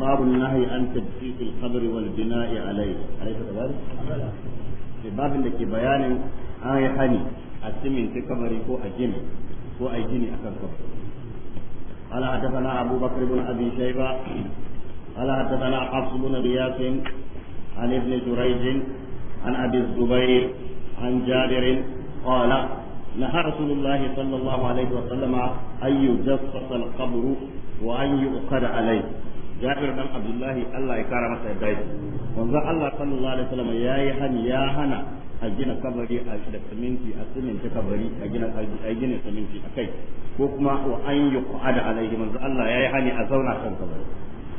باب النهي عن تدقيق القبر والبناء عليه أليس كذلك؟ babin da ke bayanin an yi hani a cimin ta kabari ko a gini ko a gini akan kabari قال حدثنا أبو بكر بن أبي شيبة قال حدثنا حفص بن غياث عن ابن جريج عن أبي الزبير عن جابر قال نهى رسول الله صلى الله عليه وسلم أن يجصص القبر وأن يؤخر عليه Jabir dan Abdullahi Allah ya kara masa yadda yake manzo Allah sallallahu alaihi wasallam yayi ya hana a gina kabari a da siminti a siminti kabari a gina a gina siminti ko kuma wa an alaihi manzo Allah yayi hani a zauna kan kabari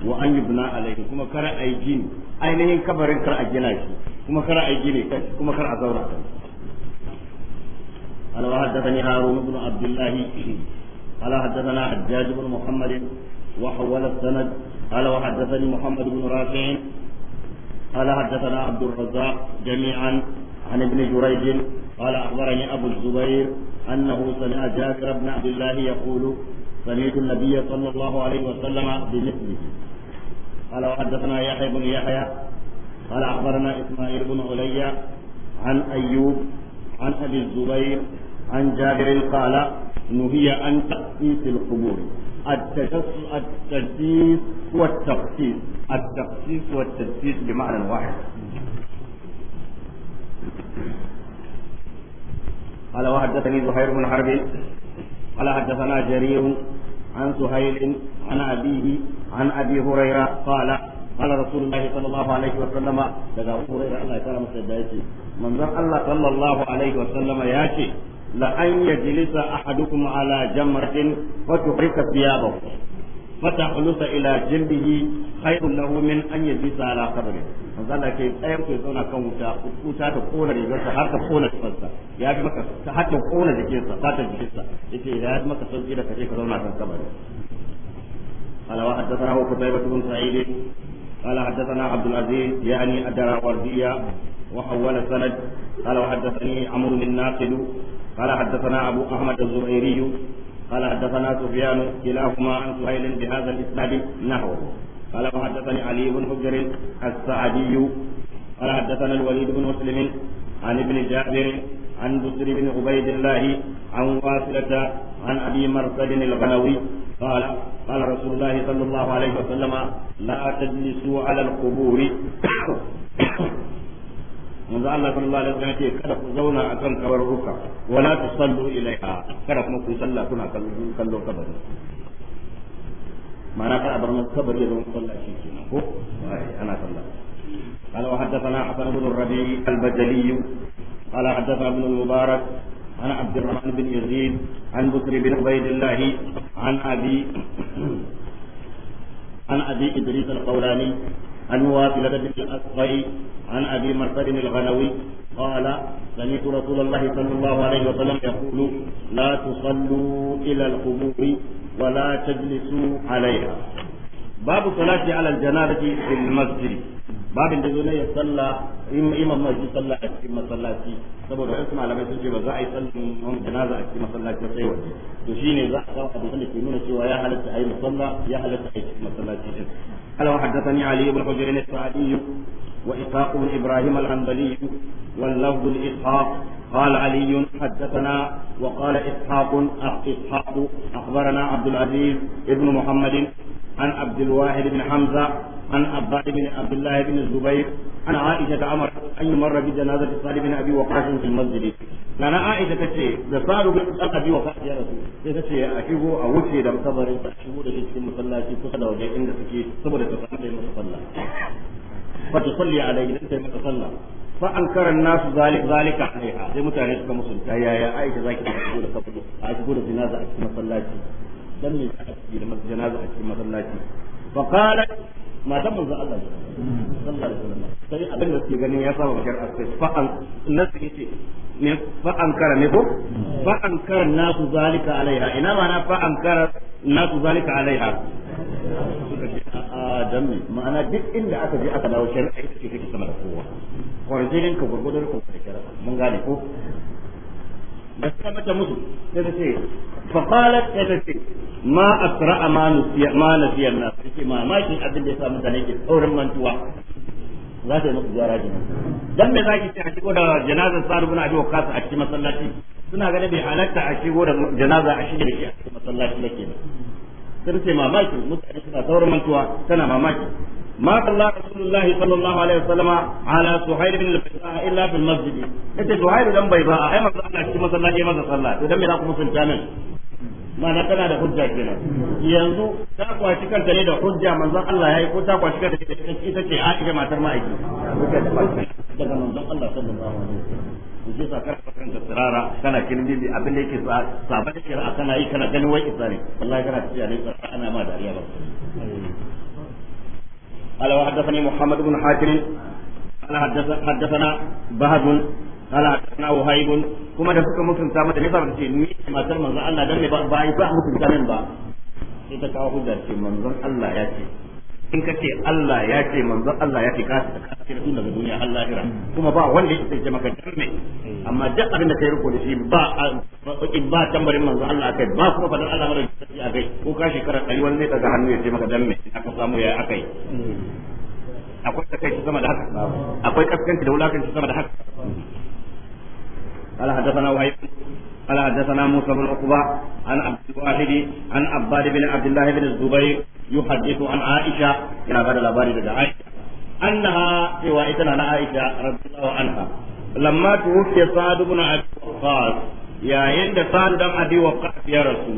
wa an alaihi kuma kar a yi gini ainihin kabarin kar a gina shi kuma kar a yi gini kuma kar a zauna kan هارون بن عبد الله حدثنا حجاج بن محمد وحول السند قال وحدثني محمد بن رافع قال حدثنا عبد الرزاق جميعا عن ابن جريج قال اخبرني ابو الزبير انه سمع جابر بن عبد الله يقول سمعت النبي صلى الله عليه وسلم بمثله قال وحدثنا يحيى بن يحيى قال اخبرنا اسماعيل بن علي عن ايوب عن ابي الزبير عن جابر قال نهي ان تاتي في القبور التجسيس والتخصيص التخصيص والتجسيس بمعنى واحد قال وحدثني زهير بن حرب قال حدثنا جرير عن سهيل عن أبيه عن أبي هريرة قال قال رسول الله صلى الله عليه وسلم لقد هريرة الله يسلم يكرمك من ذا الله صلى الله عليه وسلم ياتي لأن يجلس أحدكم على جمرة وتحرك ثيابه فتحلس إلى جلده خير له من أن يجلس على قبره فقال كيف أيام كي زونا كم وتا وتا تقول لي بس حتى تقول تفسا يا أخي مك حتى تقول لي كيف حتى تجلس إذا يا أخي مك سوي كذا كذا زونا كم قبره قال وحدثنا هو قتيبة بن سعيد قال حدثنا عبد العزيز يعني أدرى وردية وحول سند قال وحدثني عمرو الناقد قال حدثنا أبو أحمد الزبيري قال حدثنا سفيان كلاهما عن سهيل بهذا الإسناد نحوه قال وحدثني علي بن حجر السعدي قال حدثنا الوليد بن مسلم عن ابن جابر عن بسر بن عبيد الله عن واصلة عن أبي مرصد الغنوي قال قال رسول الله صلى الله عليه وسلم لا تجلسوا على القبور manzo Allah sallallahu alaihi wasallam ce kada ku zauna akan kabaruka wala tusallu ilaiha kada kuma ku sallah kuna kallon kabari ma'ana kada bar mun kabari da sallah shi kenan ko ana sallah قال وحدثنا حسن بن الربيع البجلي قال حدثنا ابن المبارك عن عبد الرحمن بن يزيد عن بكر بن عبيد الله عن ابي عن ابي ادريس القولاني عن موافلة بن الأسقي عن أبي مرثد الغنوي قال سمعت رسول الله صلى الله عليه وسلم يقول لا تصلوا إلى القبور ولا تجلسوا عليها باب الصلاة على الجنابة في المسجد babin da zai ya salla imam mai salla a cikin masallaci saboda wasu malamai sun ce ba za a yi sallan janaza a cikin masallaci sai waje to shine za a kawo hadisan da ke nuna cewa ya ya halatta a قال وحدثني علي بن حجر السعدي وإسحاق بن إبراهيم الحنبلي واللفظ الإسحاق قال علي حدثنا وقال إسحاق إسحاق أخبرنا عبد العزيز بن محمد عن عبد الواحد بن حمزة عن عباد بن عبد الله بن الزبير عن عائشة أمر أن يمر بجنازة صالح بن أبي وقاص في المسجد nana Aisha ta ce da faru bin aka wa fadiya rasu sai ta ce a shigo a wuce da kabarin a shigo da shi cikin masallaci kusa da wajen inda suke saboda ta samu da masa sallah fa ta salli alaihi dan ta masa sallah fa ankara an-nas zalika alaiha sai mutane suka musunta yaya Aisha zaki ta shigo da kabarin a shigo da jinaza a cikin masallaci dan me aka shigo da jinaza a cikin masallaci fa qalat matan manzo Allah sallallahu alaihi wasallam sai abin da suke ganin ya saba bashar asai fa an nasu yace ne fa ankara ne ko fa ankara na ku zalika alaiha ina ma na fa ankara na ku zalika alaiha suka ce a dan ne ma'ana duk inda aka je aka dawo shari'a ita ce take sama da kowa kwarjinin ka gurgudun ka da kira mun gane ko da suka mata musu sai ta ce fa qalat sai ta ce ma asra amanu ma nasiyan nas take mamaki abin da ya sa mutane ke tsaurin mantuwa za ta yi musu gyara kenan dan me zaki ce a shigo da janazar saadu bin Abi Waqqas a cikin masallaci suna ganin bai halatta a shigo da janaza a shige da shi a cikin masallaci ba ne sai ce mamaki mutane suna saurin mantuwa tana mamaki ما صلى رسول الله صلى الله عليه وسلم على سهيل بن البيضاء الا في المسجد. انت سهيل بيضاء اي في في ma'ana kana da hujja kenan yanzu ta kwaci kanta ne da hujja manzon Allah yayi ko ta kwaci kanta da ita ce a ita matar ma'aiki daga manzon Allah sallallahu alaihi wasallam ku je sa karfa da tsirara kana kilin da abin da yake da kira kana yi kana ganin wai isa wallahi kana tafiya ne ana ma dariya ba قال وحدثني محمد بن حاتم قال حدثنا بهد قال حدثنا وهيب kuma da suka mutunta mata ne ba ta ce ni matar manzon Allah dan ne ba ba yi ba mutunta nan ba sai ta kawo hujja ce manzon Allah ya ce in ka ce Allah ya ce manzon Allah ya ce ka ta kace da daga duniya Allah ya kuma ba wanda ya ce maka dan ne amma duk abin da kai riko da shi ba in ba tambarin manzon Allah kai ba kuma fadar Allah mara shi kai. ko ka shekara ɗari wani ne daga hannu ya ce maka dan ne aka samu ya akai akwai takaici sama da haka akwai kaskanci da wulakanci sama da haka قال حدثنا وهيب قال حدثنا موسى بن عقبة عن عبد الواحد عن عباد بن عبد الله بن الزبير يحدث عن عائشة إلى بعد الأباري عائشة أنها روايتنا عن عائشة رضي الله عنها لما توفي سعد بن أبي وقاص يا عند سعد بن أبي وقاص يا رسول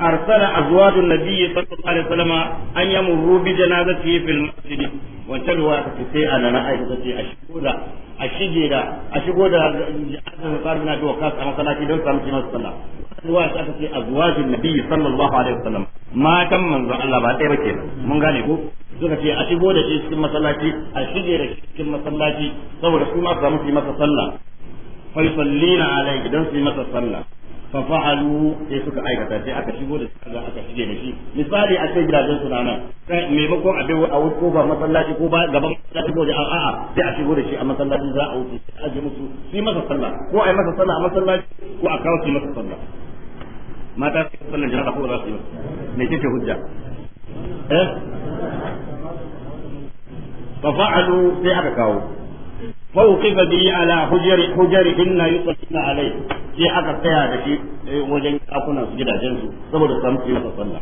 أرسل أزواج النبي صلى الله عليه وسلم أن يمروا بجنازته في المسجد وتلوى تسيء أنا عائشة تسيء الشهودة a shige da a shigo da azan tsari na biwa kasu a masallaci don samu shi masu sallah zuwa shi aka ce a azwajin nabi sallallahu alaihi wasallam matan manzo Allah ba ɗaya ba ke mun gane ko suka ce a shigo da shi cikin masallaci a shige da shi cikin masallaci saboda su ma su samu su sallah fa yusallina alaihi don su yi masa sallah ففعلوا fa'alu sai suka aikata sai aka shigo da kaza aka shige da shi misali a sai gidajen su nan sai me maimakon a dawo a wuce ba masallaci ko ba gaban masallaci ko da a sai a shigo da shi a masallaci za a wuce a ji musu sai masa sallah ko ai masa sallah a masallaci ko a kawo shi masa sallah mata su sallan jana'a ko za su yi me kike hujja eh fa fa'alu sai aka kawo فوقف به على حجر حجرهن يصلين عليه sai aka tsaya da shi eh, wajen kafunan su gidajen su saboda samu su masa sallah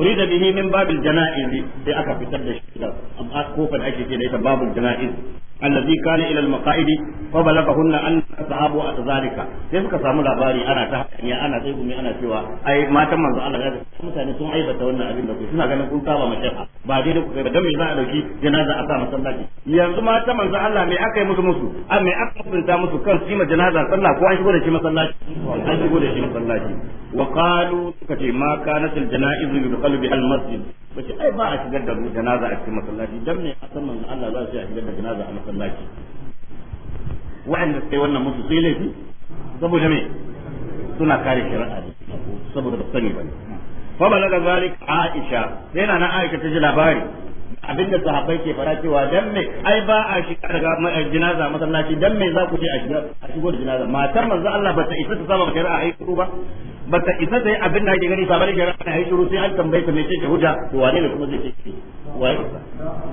uri da bihi min babil janaiz sai aka fitar da shi da amma kofar ake ce da ita babul janaiz allazi kana ila almaqaid fa balaghahunna an sahabu at zalika sai suka samu labari ana ta hakaniya ana sai gumi ana cewa ai matan manzo Allah ya mutane sun wannan abin da ku suna ganin kun saba ba da ku kai ba dan me za a dauki janaza a sa masallaci yanzu ma ta manzo Allah me aka yi musu musu a me aka sunta musu kan shi ma janaza sallah ko an shigo da shi masallaci an shigo da shi masallaci wa qalu suka ce ma kanat al janaiz bi qalbi al masjid bace ai ba a shigar da janaza a cikin masallaci dan me a san manzo Allah za su shigar da janaza a masallaci wa'anda sai wannan musu sai laifi saboda me suna kare shari'a saboda ba sani ba fa balaga zalik aisha sai na aisha ta ji labari abinda sahabbai ke fara cewa dan me ai ba a shiga daga eh, jinaza masallaci dan me za ku je a shiga a shigo da jinaza matar manzo Allah ba ta isa ta saba shari'a ai shiru ba ba ta isa ta yi abin ake gani ba bari shari'a ai shiru sai an tambaye ta me ce hujja to wane ne kuma zai ce shi wai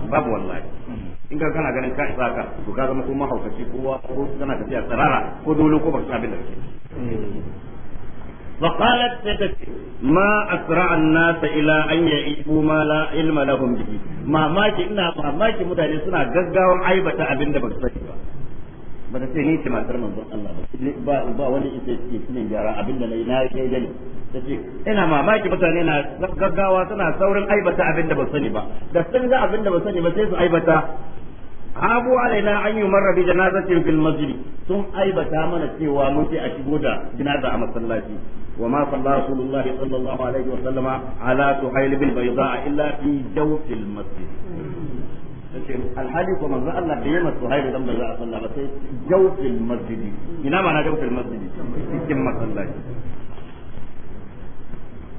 babu wallahi in ka kana ganin ka isa ka to ka zama ko mahaukaci kowa ko kana tafiya tsarara ko dole ko ba su abin da kake فقالت ستت ما أسرع الناس إلى أن يعيبوا ما لا علم لهم به ما ماكي إنا ما ماكي متعني سنة جزا وعيبة أبن دبك سيبا bata ce ni ce matar manzon Allah ba ba wani ita ce shine gyara abin da nayi na yi dai tace ina mamaki mutane na gaggawa suna saurin aibata abin da ba sani ba da sun ga sai abu alaina an yi da bi janazatin fil masjid sun aibata mana cewa mun ce a shigo da janaza a masallaci wa ma salla rasulullah sallallahu alaihi wa sallama ala suhail bil bayda illa fi jawfil masjid sai alhali ko manzo Allah da yamma suhail dan bayda sallallahu alaihi wa sallama sai jawfil masjid ina ma na jawfil masjid cikin masallaci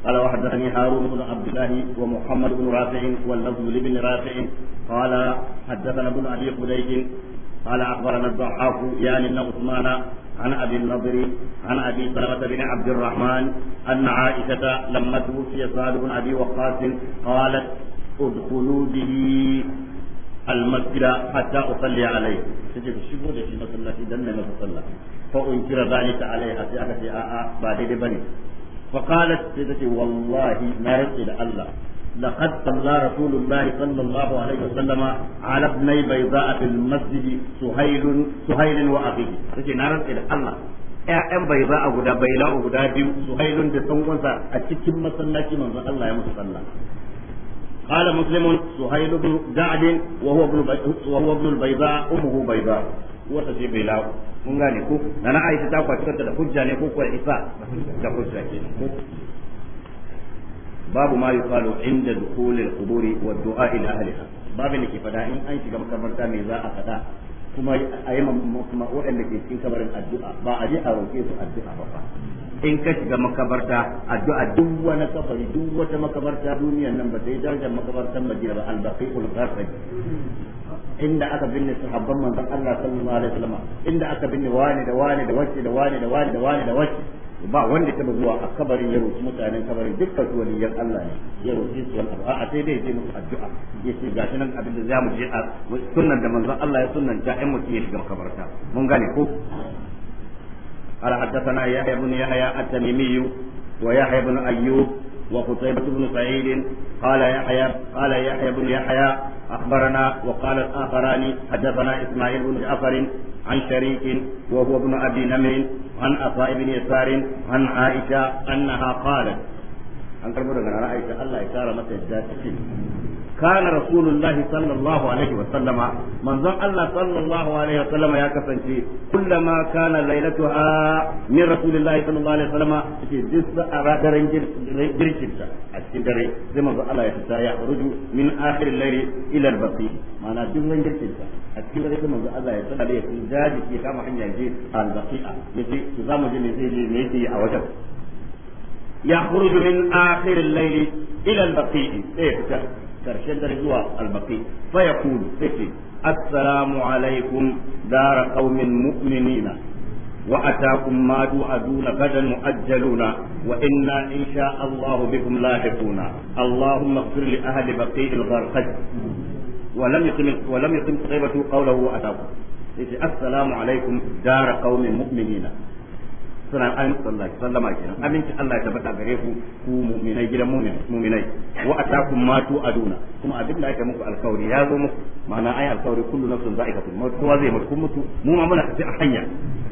قال وحدثني هارون بن عبد الله ومحمد بن رافع واللفظ لابن رافع قال حدثنا ابن ابي قديد قال اخبرنا الضحاك يعني ابن عثمان عن ابي النضر عن ابي سلمه بن عبد الرحمن ان عائشه لما توفي سعد بن ابي وقاص قالت ادخلوا به المسجد حتى اصلي عليه تجد الشبه في مسلتي دم مسلا فانكر ذلك عليها في اخر اعاء بعد بني فقالت تتي والله ما رسل الله لقد صلى رسول الله صلى الله عليه وسلم على ابني بيضاء في المسجد سهيل سهيل وأخيه تتي نارت إلى الله ya'yan bai za a guda bai la'u guda biyu su hailun da tsangonsa a cikin masallaci manzo Allah ya musu sallah qala muslimun su hailu bi da'din wa huwa ibn wa huwa ibn bayda ummuhu bayda wa mun gane ko na na aisha ta kwaci kanta da hujja ne ko kuwa isa da hujja ke babu ma yuqalu inda dukhulil quburi wa du'a ila ahliha babu ne ke fada in an shiga makabarta me za a fada kuma a yi kuma waɗanda ke cikin kabarin addu'a ba a je a roƙe su addu'a ba in ka shiga makabarta addu'a duk wani kafari duk wata makabarta duniyan nan ba sai darajar makabartar Madina ba al-baqiul inda aka binne sahabban manzon Allah sallallahu alaihi wasallam inda aka binne wani da wani da wacce da wani da wani da wani da wacce ba wanda taba zuwa a kabarin ya roki mutanen kabarin dukkan su waliyan Allah ne ya roki su wal a sai dai ya musu addu'a ya ce gashi nan abin da zamu je a sunnan da manzon Allah ya sunnanta ɗan mutum ya shiga kabarta mun gane ko قال حدثنا يحيى بن يحيى التميمي ويحيى بن أيوب وقتيبة بن سعيد قال يحيى قال يحيى بن يحيى أخبرنا وقال الآخران حدثنا إسماعيل بن جعفر عن شريك وهو ابن أبي نمر عن عطاء بن يسار عن عائشة أنها قالت an karbo daga ra'ayta Allah ya kara mata yadda take kana rasulullahi manzon Allah ya kasance kullama kana lailatuha min rasulillahi sallallahu a daren girkinta a a cikin يخرج من آخر الليل إلى إيه karshen dare zuwa albaqi fa yaqulu sai assalamu alaikum dar qaumin mu'minina wa atakum ma tu'aduna gadan mu'ajjaluna wa inna insha Allah bikum lahiquna Allahumma ighfir li ahli baqi al-gharqad wa lam yuqim wa lam yuqim qawlahu wa atakum sai assalamu alaikum dar qaumin mu'minina suna ayin sallama kenan aminci Allah ya tabbata gare ku ku mu'minai gidan mu'minai wa atakum ma tu aduna kuma abin da aka muku alkawari ya zo muku ma'ana ai alkawari kullu nafsin zai mutu mutu mu ma muna tafi a hanya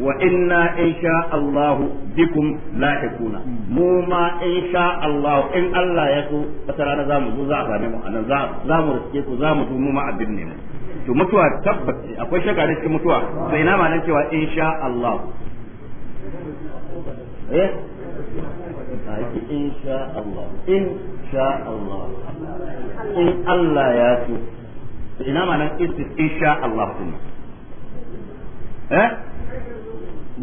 wa inna insha Allah bikum lahiquna mu ma insha Allah in Allah ya so wata rana za mu zo za a same mu anan za mu riske ku za mu zo mu ma abin ne to mutuwa tabbaci akwai shaka da cikin mutuwa sai na ma nan cewa insha Allah eh ake insha Allah insha Allah in Allah ya so ina ma nan insha Allah kuma eh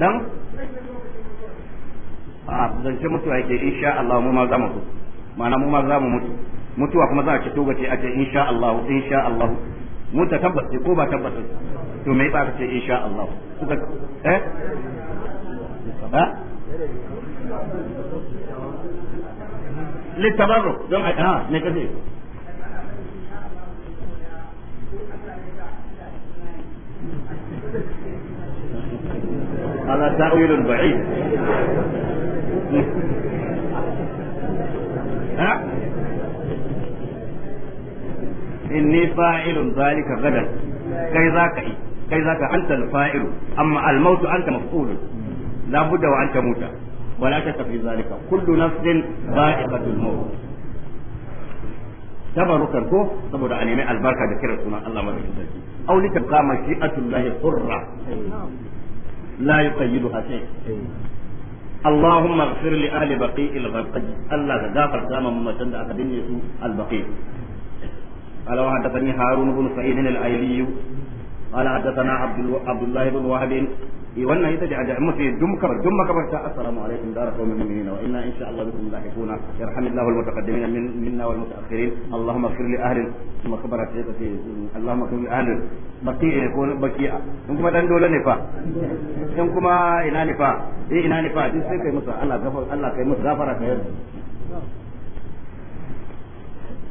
dan a ah, zance mutuwa yake insha Allah mu ma za mu ma'ana mu ma za mu mutu mutuwa kuma za a ci togace a ce insha Allah insha Allah mu ta tabbata ko ba tabbata to me ba ka ce insha Allah eh للتبرك دون ها نكثير هذا تأويل بعيد ها إني فاعل ذلك غدا كي ذاك كي ذاك أنت الفاعل أما الموت أنت مفعول la budda wa an tamuta wa la tafi zalika kullu nafsin ba'iqatul maut tabarukan ko saboda a nemi albarka da kiran sunan Allah madaukakin sarki aw li tabqa mashi'atullahi hurra la yuqayyiduha shay اللهم اغفر لأهل بقيء الغرقد الله غفر كما ممتن aka dinne su البقيء قال وحدثني هارون بن سعيد الايلي قال حدثنا عبد الله بن وهب wannan ita ce a jami'a mafi dumkar dum makabarta assalamu alaikum da rafa min mu'minina wa inna insha Allah bikum lahiquna yarhamillahu almutaqaddimin minna wal mutaakhirin allahumma ighfir li ahli makabara sai ka ce allahumma ighfir li ahli baki ko baqiya in kuma dan dole ne fa in kuma ina ne fa eh ina ne fa duk sai kai musu Allah gafara Allah kai musu gafara kai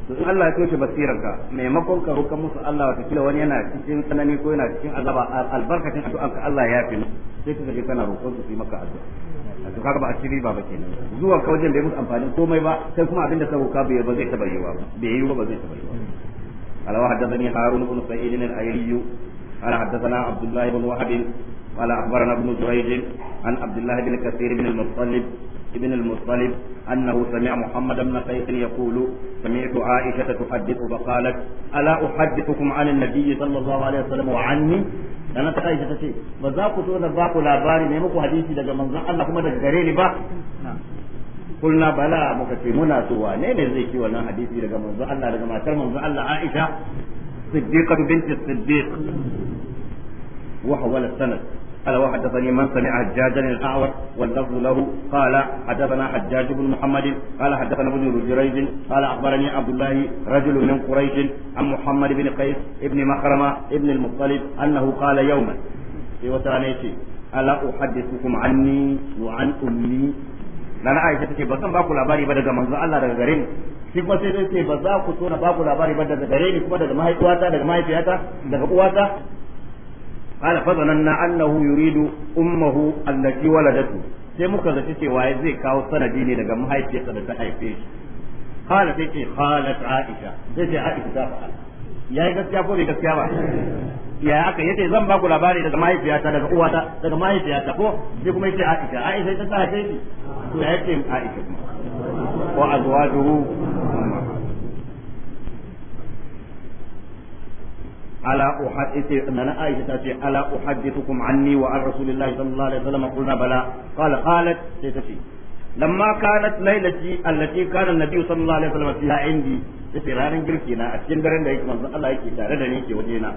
to in Allah ya toshe basirar ka maimakon ka roƙa musu Allah wata kila wani yana cikin tsanani ko yana cikin azaba albarkacin addu'an ka Allah ya fi sai ka je kana roƙon su yi maka addu'a to kaga ba asiri ba ba kenan zuwa ka wajen bai musu amfani komai ba sai kuma abin da ka ba zai taba yiwa ba bai yiwa ba zai taba yiwa ala قال اخبرنا ابن جريج عن عبد الله بن كثير بن المطلب بن المطلب أنه سمع محمد بن قيس يقول سمعت عائشة تحدث فقالت ألا أحدثكم عن النبي صلى الله عليه وسلم وعني أنا عائشة تشي بذاك سونا باك لا باري نيمك حديثي دجا منزل الله كما دجريني با قلنا بلى مكتي منا سوى نين زي كي ولا حديثي دجا منزل الله دجا ما تر منزل الله عائشة صديقة بنت الصديق وحول السند قال وحدثني من سمع حجاجا الاعور واللفظ له قال حدثنا حجاج بن محمد قال حدثنا ابن جريج قال اخبرني عبد الله رجل من قريش عن محمد بن قيس ابن مخرمه ابن المطلب انه قال يوما في وترانيتي الا احدثكم عني وعن امي nana Aisha take ba zan ba ku labari ba daga manzon Allah daga gare ni shi kuma sai sai ba za ku so na ba ku labari ba daga gare ni kuma daga mahaifiyata daga mahaifiyata daga uwata قال فظننا انه يريد امه التي ولدته sai muka zaci cewa ya zai kawo sanadi ne daga mahaifiyarsa da ta haife shi kala sai ce aisha ce aisha ta gaskiya ko bai gaskiya ba ya aka yace zan ba ku labari daga mahaifiyata daga uwata daga mahaifiyata ko sai kuma yace aisha aisha ta ta haife shi to yace aisha wa ala uhaddithu nana aisha ta ce ala uhaddithukum anni wa an rasulillahi sallallahu alaihi wasallam qulna bala qala qalat sai ta ce lamma kanat lailati allati kana an-nabi sallallahu alaihi wasallam fiha indi sai ranar girki na a cikin daren da yake tare da ni ke waje na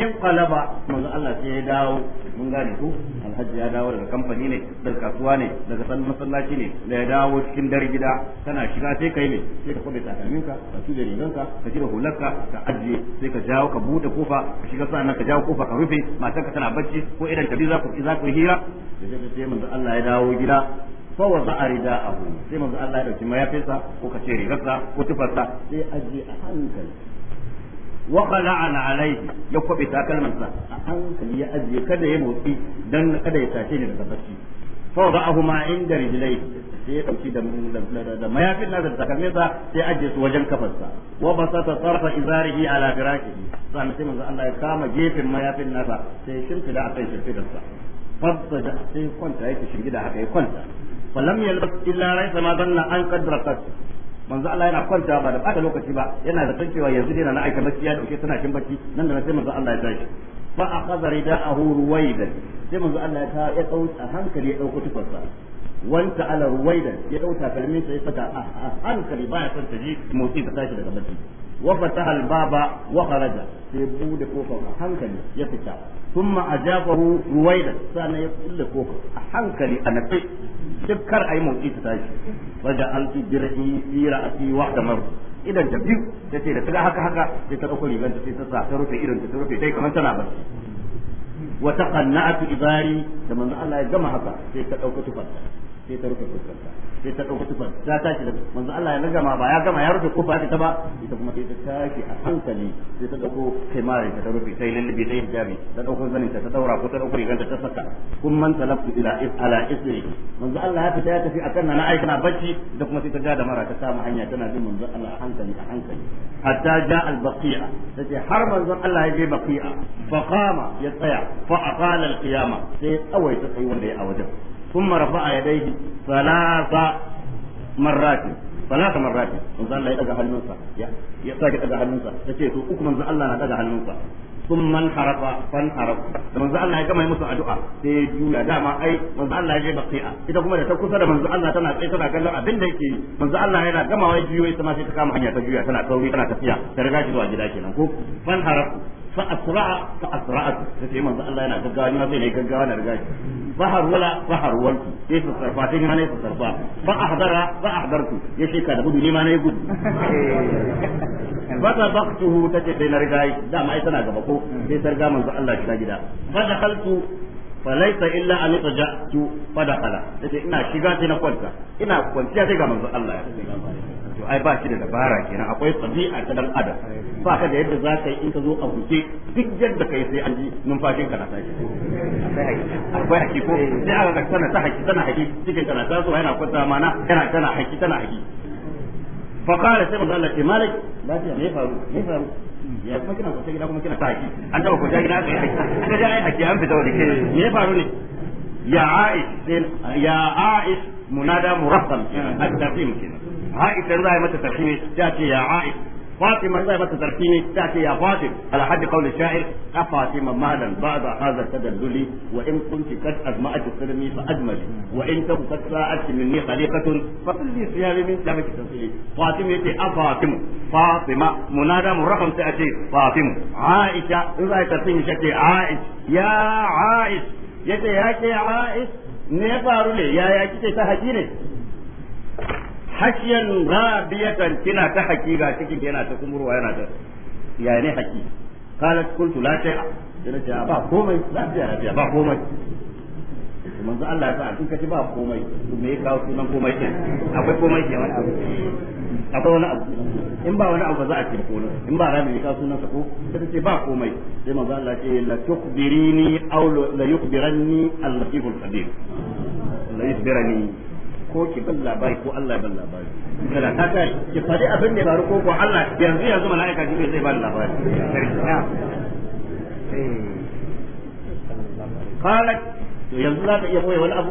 in kwalaba manzo Allah sai ya dawo mun gane ku alhaji ya dawo daga kamfani ne daga kasuwa ne daga san masallaci ne da ya dawo cikin dare gida kana shiga sai kai ne sai ka kwabe takalminka ka ka tude riganka ka jira hularka ka ajiye sai ka jawo ka bude kofa ka shiga sa nan ka jawo kofa ka rufe matan ka tana bacci ko idan ta za ku za ku hira da sai manzo Allah ya dawo gida fa rida za abu sai manzo Allah ya dauki mayafinsa ko ka ce rigarsa ko tufarsa sai ajiye a hankali wa khala'ana alaihi ya kwabe takalman sa a hankali ya ajiye kada ya motsi dan kada ya tashi ne daga bacci fa wa'ahu ma inda rijlai sai ya dauki da da mayafin nasa da takalmin sa sai ajiye su wajen kafarsa wa basata tarfa izarihi ala firaqihi sannan sai manzo Allah ya kama gefen mayafin nasa sai shimfida akan shimfidarsa fadda da sai kwanta yake shingida haka ya kwanta falam yalbas illa raisa ma danna an qadrakat manzo Allah yana kwanta ba da bata lokaci ba yana da tancewa yanzu dai na aika bacci ya dauke tana cin bacci nan da sai manzo Allah ya tashi fa akhadha rida'ahu ruwaida sai manzo Allah ya ya dau a hankali ya dauko tufarsa wanta ala ruwaida ya dau kalmin sa ya saka a hankali baya son ta ji motsi ta tashi daga bacci wa fataha al-baba wa kharaja sai bude kofar a hankali ya fita ثم أجابه رويدا سأنا يقول لك أحنك لي أنا في شكر أي موتي تتاج وجعلت درعي في رأسي واحدة مرة إذا جبيو تتي لتلا هكا هكا تتأكل يبان تتي تسع ترفي إذن تترفي تيك من تنابر وتقنعت إباري لما الله يجمع هكا تتأكل تفضل sai ta rufe fuskarta sai ta ɗauki tufar ta tashi da manzo Allah ya ma ba ya gama ya rufe kofa ta ba ita kuma sai ta tashi a hankali sai ta dauko kaimare ta ta rufe sai lallabe ta hijabi ta dauko zanin ta ta daura ko ta dauko rigar ta saka kun man talaffu ila ala isri manzo Allah ya fita ya tafi akan na aika na bacci da kuma sai ta ja da mara ta samu hanya tana bin manzo Allah a hankali a hankali hatta ja al baqi'a tace har manzo Allah ya je baqi'a fa qama ya tsaya fa aqala al qiyama sai tsawaita sai wanda ya a wajen ثم رفع يديه ثلاث مرات ثلاث مرات manzo Allah ya daga hannunsa ya ya sake daga hannunsa tace to uku manzo Allah na daga hannunsa sun man harafa fan harafa da manzo Allah ya gama musu addu'a sai ya dama ai manzo Allah ya je ita kuma da ta kusa da manzo Allah tana tsaye tana kallon abin da yake manzo Allah yana gamawa ya juyo ita ma sai ta kama hanya ta juya tana sauri tana tafiya ta riga shi zuwa gida kenan ko fan harafa fa asra'a fa asra'a ta manzo Allah yana gaggawa sai gaggawa fa harwala fa harwaltu sai su sarfa sai su sarfa fa ahdara fa ahdartu ka da gudu ma gudu eh. fa tabaqtuhu ta ce na da ma ai tana gaba ko sai sarga manzo Allah shiga gida fa dakhaltu falaita illa an tajatu fa dakhala sai ina shiga sai na kwanta ina kwanciya sai ga manzo Allah ya to ai ba shi da dabara kenan akwai tabi'a ta dan adam ba ka da yadda za ka yi in ka zo a buke duk yadda kai sai an ji numfashin ka na tashi akwai haki ko sai aka ga tana ta haki tana haki cikin kana ta so yana kwanta mana yana tana haki tana haki fa qala sai manzo Allah ce malik lafiya me faru me faru ya kuma kina kwanta gida kuma kina ta haki an taba kwanta gida aka yi haki sai dai haki an fita wani ke me faru ne ya aish ya aish munada murassal at-tafim kenan عائشة زي ما تركيني تأتي يا عائشة فاطمة زي ما تركيني تأتي يا فاطمة على حد قول الشاعر أفاطمة مالا بعد هذا التدلل وإن كنت قد أجمعت سلمي فاجمل وإن تكن قد ساءت مني خليقة لي صيامي من دمك تصلي فاطمة يتي أفاطمة أه فاطمة منادى مرقم تأتي فاطمة عائشة زي تركيني شكي عائش يا عائش يتي يا عائش ne faru ne yaya kike ta haƙi ne hashiyan rabiyatan kina ta hakika cikin yana ta kumurwa yana ta ya ne haki qalat kuntu la ta'a sai ce ah, ba komai lafiya lafiya ba komai manzo Allah ya sa in kace ba komai to me ya kawo sunan komai din akwai komai ke wani abu akwai wani abu in ba wani abu ba za a ce komai in ba rami ya kawo sunan sa ko sai ce ba komai sai manzo Allah ce la tukbirini aw la yukbiranni al-latiful khabir la yukbirani ko ki ban labari ko Allah ya ban labari kada ka ta ki faɗi abin da baro ko ko Allah yanzu yanzu malaika ji zai ban labari qalat eh. yanzu za ta iya koya wani abu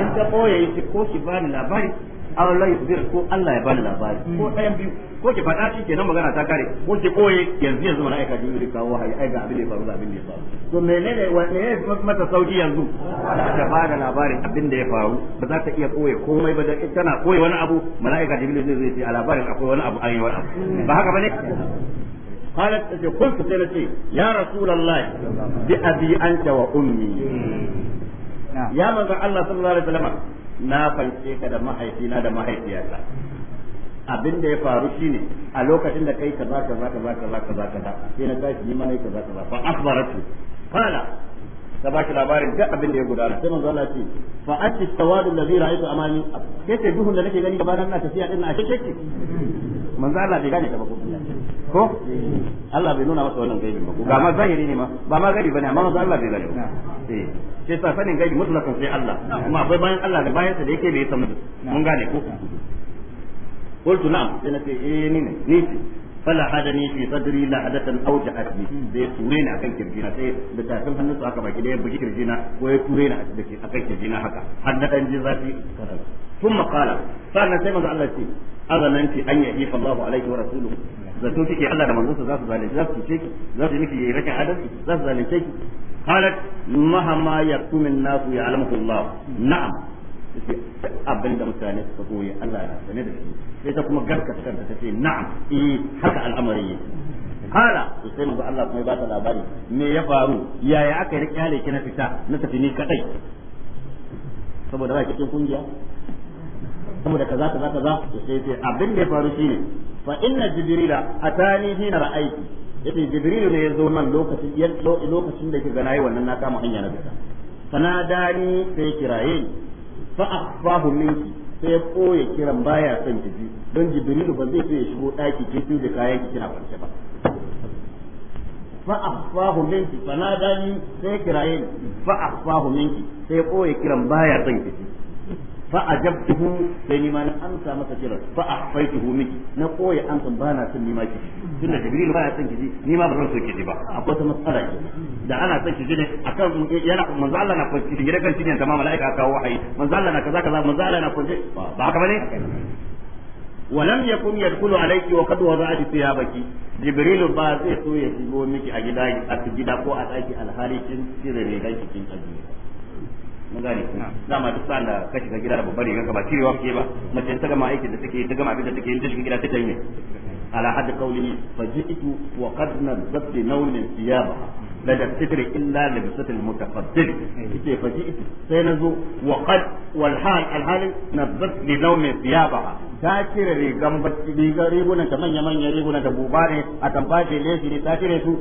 in ta koya yake ko ki bani labari aw la yukhbir ko Allah ya bani labari ko ɗayan biyu ko ke faɗa shi kenan magana ta kare ko ke koye yanzu yanzu mana aika jibril kawo wahayi ai ga abin da ya faru da abin da ya faru to menene wanne ne mata sauki yanzu ta bada labarin abin da ya faru ba za ta iya koye komai ba da tana koye wani abu mala'ika jibril zai zai ce a labarin akwai wani abu an yi wani abu ba haka bane قالت قلت سنتي يا رسول الله بأبي أنت وأمي يا من الله صلى الله عليه وسلم na fance ka da mahaifina da mahaifiyata abin da ya faru shine a lokacin da kai ka ka ka za za za ka za ka za ka sai na tashi ni ma za ka za fa akhbaratu qala ta baki labarin duk abin da ya gudana sai manzo Allah ce fa atti tawadu alladhi ra'aytu amani kace duhun da nake gani gabanin na tafiya din na shekeki manzo Allah bai gane ka ba ko ko Allah bai nuna masa wannan gaibi ba ga ma zahiri ne ma ba ma gaibi bane amma Allah bai bane eh sai sa sanin gaibi mutlakan sai Allah kuma akwai bayan Allah da bayan sa da yake bai san mun gane ko qultu ce eh ni ne ni ce fala hadani fi sadri la hadatan aw ja'atni da ya ture ni akan kirjina sai da tafin hannun su aka baki da ya bugi kirjina ko ya ture ni da ke akan kirjina haka har na dan ji zafi kuma kala sannan sai manzo Allah ce ki an yahifa Allahu alaihi wa rasuluhu zato kike Allah da manzon za su zalunce za su cuce ki za su yi miki rashin adalci za su zalunce ki qalat mahama yaqtum an-nas ya'lamuhu Allah na'am abin da mutane suka koyi Allah ya sane da shi sai ta kuma garkata kanta ta ce na'am eh haka al'amari yake hala to sai manzo Allah kuma ya bata labari me ya faru yaya aka yi hale ki na fita na tafi ni kadai saboda ba cikin kungiya saboda kaza kaza kaza to sai sai abin da ya faru shine fa inna jibrila atani hina ra'aiti yace jibril ne yazo nan lokacin lokacin da ga nayi wannan na kama hanya na fita dani sai kiraye fa akhfahu minki sai ya koye kiran baya son kiji don jibril ba zai so ya shigo daki ke da kayan ki kina kwance ba fa akhfahu minki fanadani sai kiraye fa akhfahu minki sai ya koye kiran baya son kiji fa ajabtuhu sai ni ma na amsa masa kiran fa ahfaituhu miki na koyi amsa ba na son ni ma kiji tunda jibril ba ya son kiji ni ma ba zan so kiji ba akwai wata matsala ke da ana son kiji ne akan yana manzo Allah na kwanci gidan kan cinya tamam malaika kawo wahayi manzo Allah na kaza kaza manzo Allah na kwanci ba haka bane ولم يكن يدخل عليك وقد وضعت ثيابك jibril ba zai so ya shigo miki a gida a gida ko a daki alhari kin cire rigar kin ajiye mun gane dama duk sa'an da ka shiga gida da babbar rigar ka ba cirewa kake ba mace ta gama aikin da take ta gama abin da take ta shiga gida ta yi ne ala hadd qawlihi faji'tu wa qad nazzat bi daga sidri illa da bisatin mutafaddil kike faji sai na zo wa qad wal hal al hal nazzat li nawmi thiyaba ta kire rigan bacci rigan riguna ta manya manya riguna da buba ne a tambaje ne shi ta kire su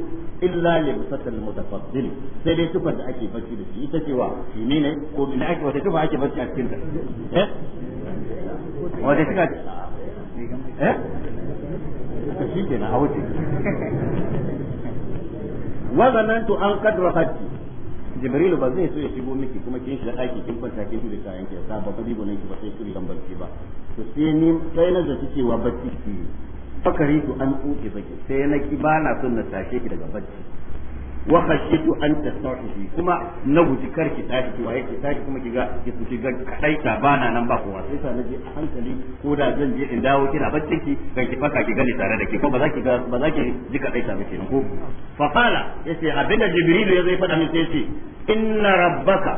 illa li bisatin mutafaddil sai dai tufa da ake bacci da shi ita cewa shi ne ko me ne ake wata tufa ake bacci a cikin ta eh wata tufa eh shi ke na hauce wa zanantu an kadra hajji jibril ba zai so ya shigo miki kuma kin shiga daki kin kwanta kin da kayan ki ba ba ribo ne ki ba sai kuri dan barci ba to sai ni sai na zaci cewa bacci ki fakari to an uke baki sai na ki bana son na tashe ki daga bacci wa khashitu an tastahihi kuma na guji kar ki tashi ki waye ki tashi kuma ki ga ki tsuci ga kadai ta bana nan ba kowa sai sa naje a hankali ko da zan je in dawo kina bacci ki kai ki faka ki gani tare da ki ko ba za ki ga ba za ki ji kadai ta miki ko fa qala yace abinda jibril ya zai fada min sai yace inna rabbaka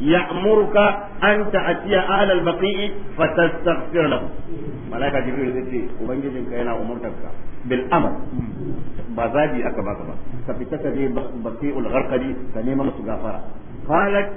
ya'muruka an ta'tiya ahla al-baqi'i fatastaghfir lahu malaika jibril zai ce ubangijinka yana umurtarka bil amal ba zabi aka baka ba ka fita ka je baqi'ul gharqadi ka nema masu gafara qalat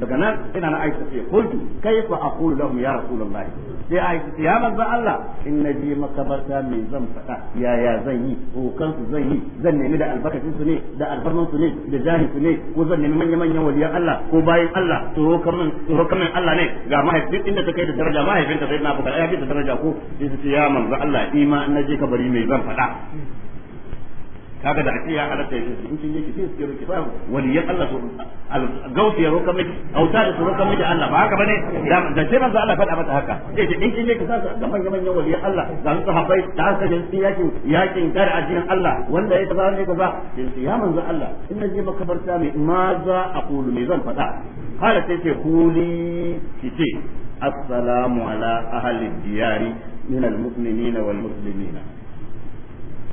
daga nan ina na aisha ce kultu kaifa aqulu lahum ya rasulullahi sai aisha ce ya manzo Allah in naji makabarta me zan faɗa yaya zan yi kan su zan yi zan nemi da albarkacin su ne da alfarman su ne da jahi su ne ko zan nemi manyan manyan waliyan Allah ko bayin Allah tsoro kamin tsoro kamin Allah ne ga mahaifin inda ta kai da daraja mahaifinta sai na buƙata ya fi da daraja ko sai ya manzo Allah ima in je kabari me zan faɗa kaga da ake ya halatta yake in kin yake sai suke roki sahu waliyan Allah to gauti ya roka miki auta da roka miki Allah ba haka bane da sai manzo Allah faɗa mata haka sai in kin yake sa ga manyan manyan waliyan Allah da su sahabbai da aka jin sun yakin yakin a addinin Allah wanda ya kaza ne kaza sai ya manzo Allah in naje makabarta mai ma za kulu me zan faɗa kala sai ce kuli kice assalamu ala ahli diyari min al-mu'minina wal muslimina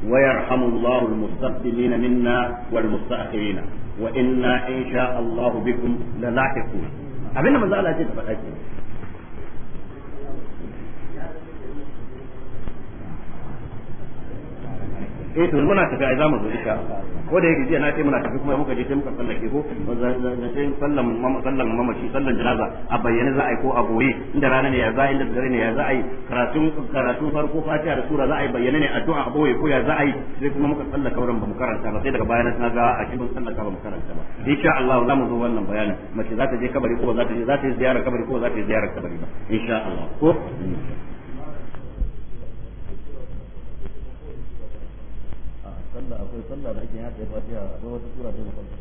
ويرحم الله المستقدمين منا والمستأخرين وإنا إن شاء الله بكم للاحقون abinda manzo Allah ya faɗa ke eh to muna tafi ai zamu zo insha ko da yake jiya na ce muna tafi kuma muka je sai muka sallake ko na ce sallan mama sallan shi sallan janaza a bayyane za a yi ko a goye inda rana ne ya za inda dare ne ya za a yi karatun karatun farko fatiha da sura za a yi bayyane ne addu'a a boye ko ya za a yi sai kuma muka sallaka wurin ba mu karanta ba sai daga bayan na ga a cikin sallaka ba mu karanta ba insha Allah za mu zo wannan bayanin mace za ta je kabari ko za ta je za ta yi ziyara kabari ko za ta yi ziyara kabari ba insha Allah ko sallah akwai sallah da ake yi haka a wata sura ta musamman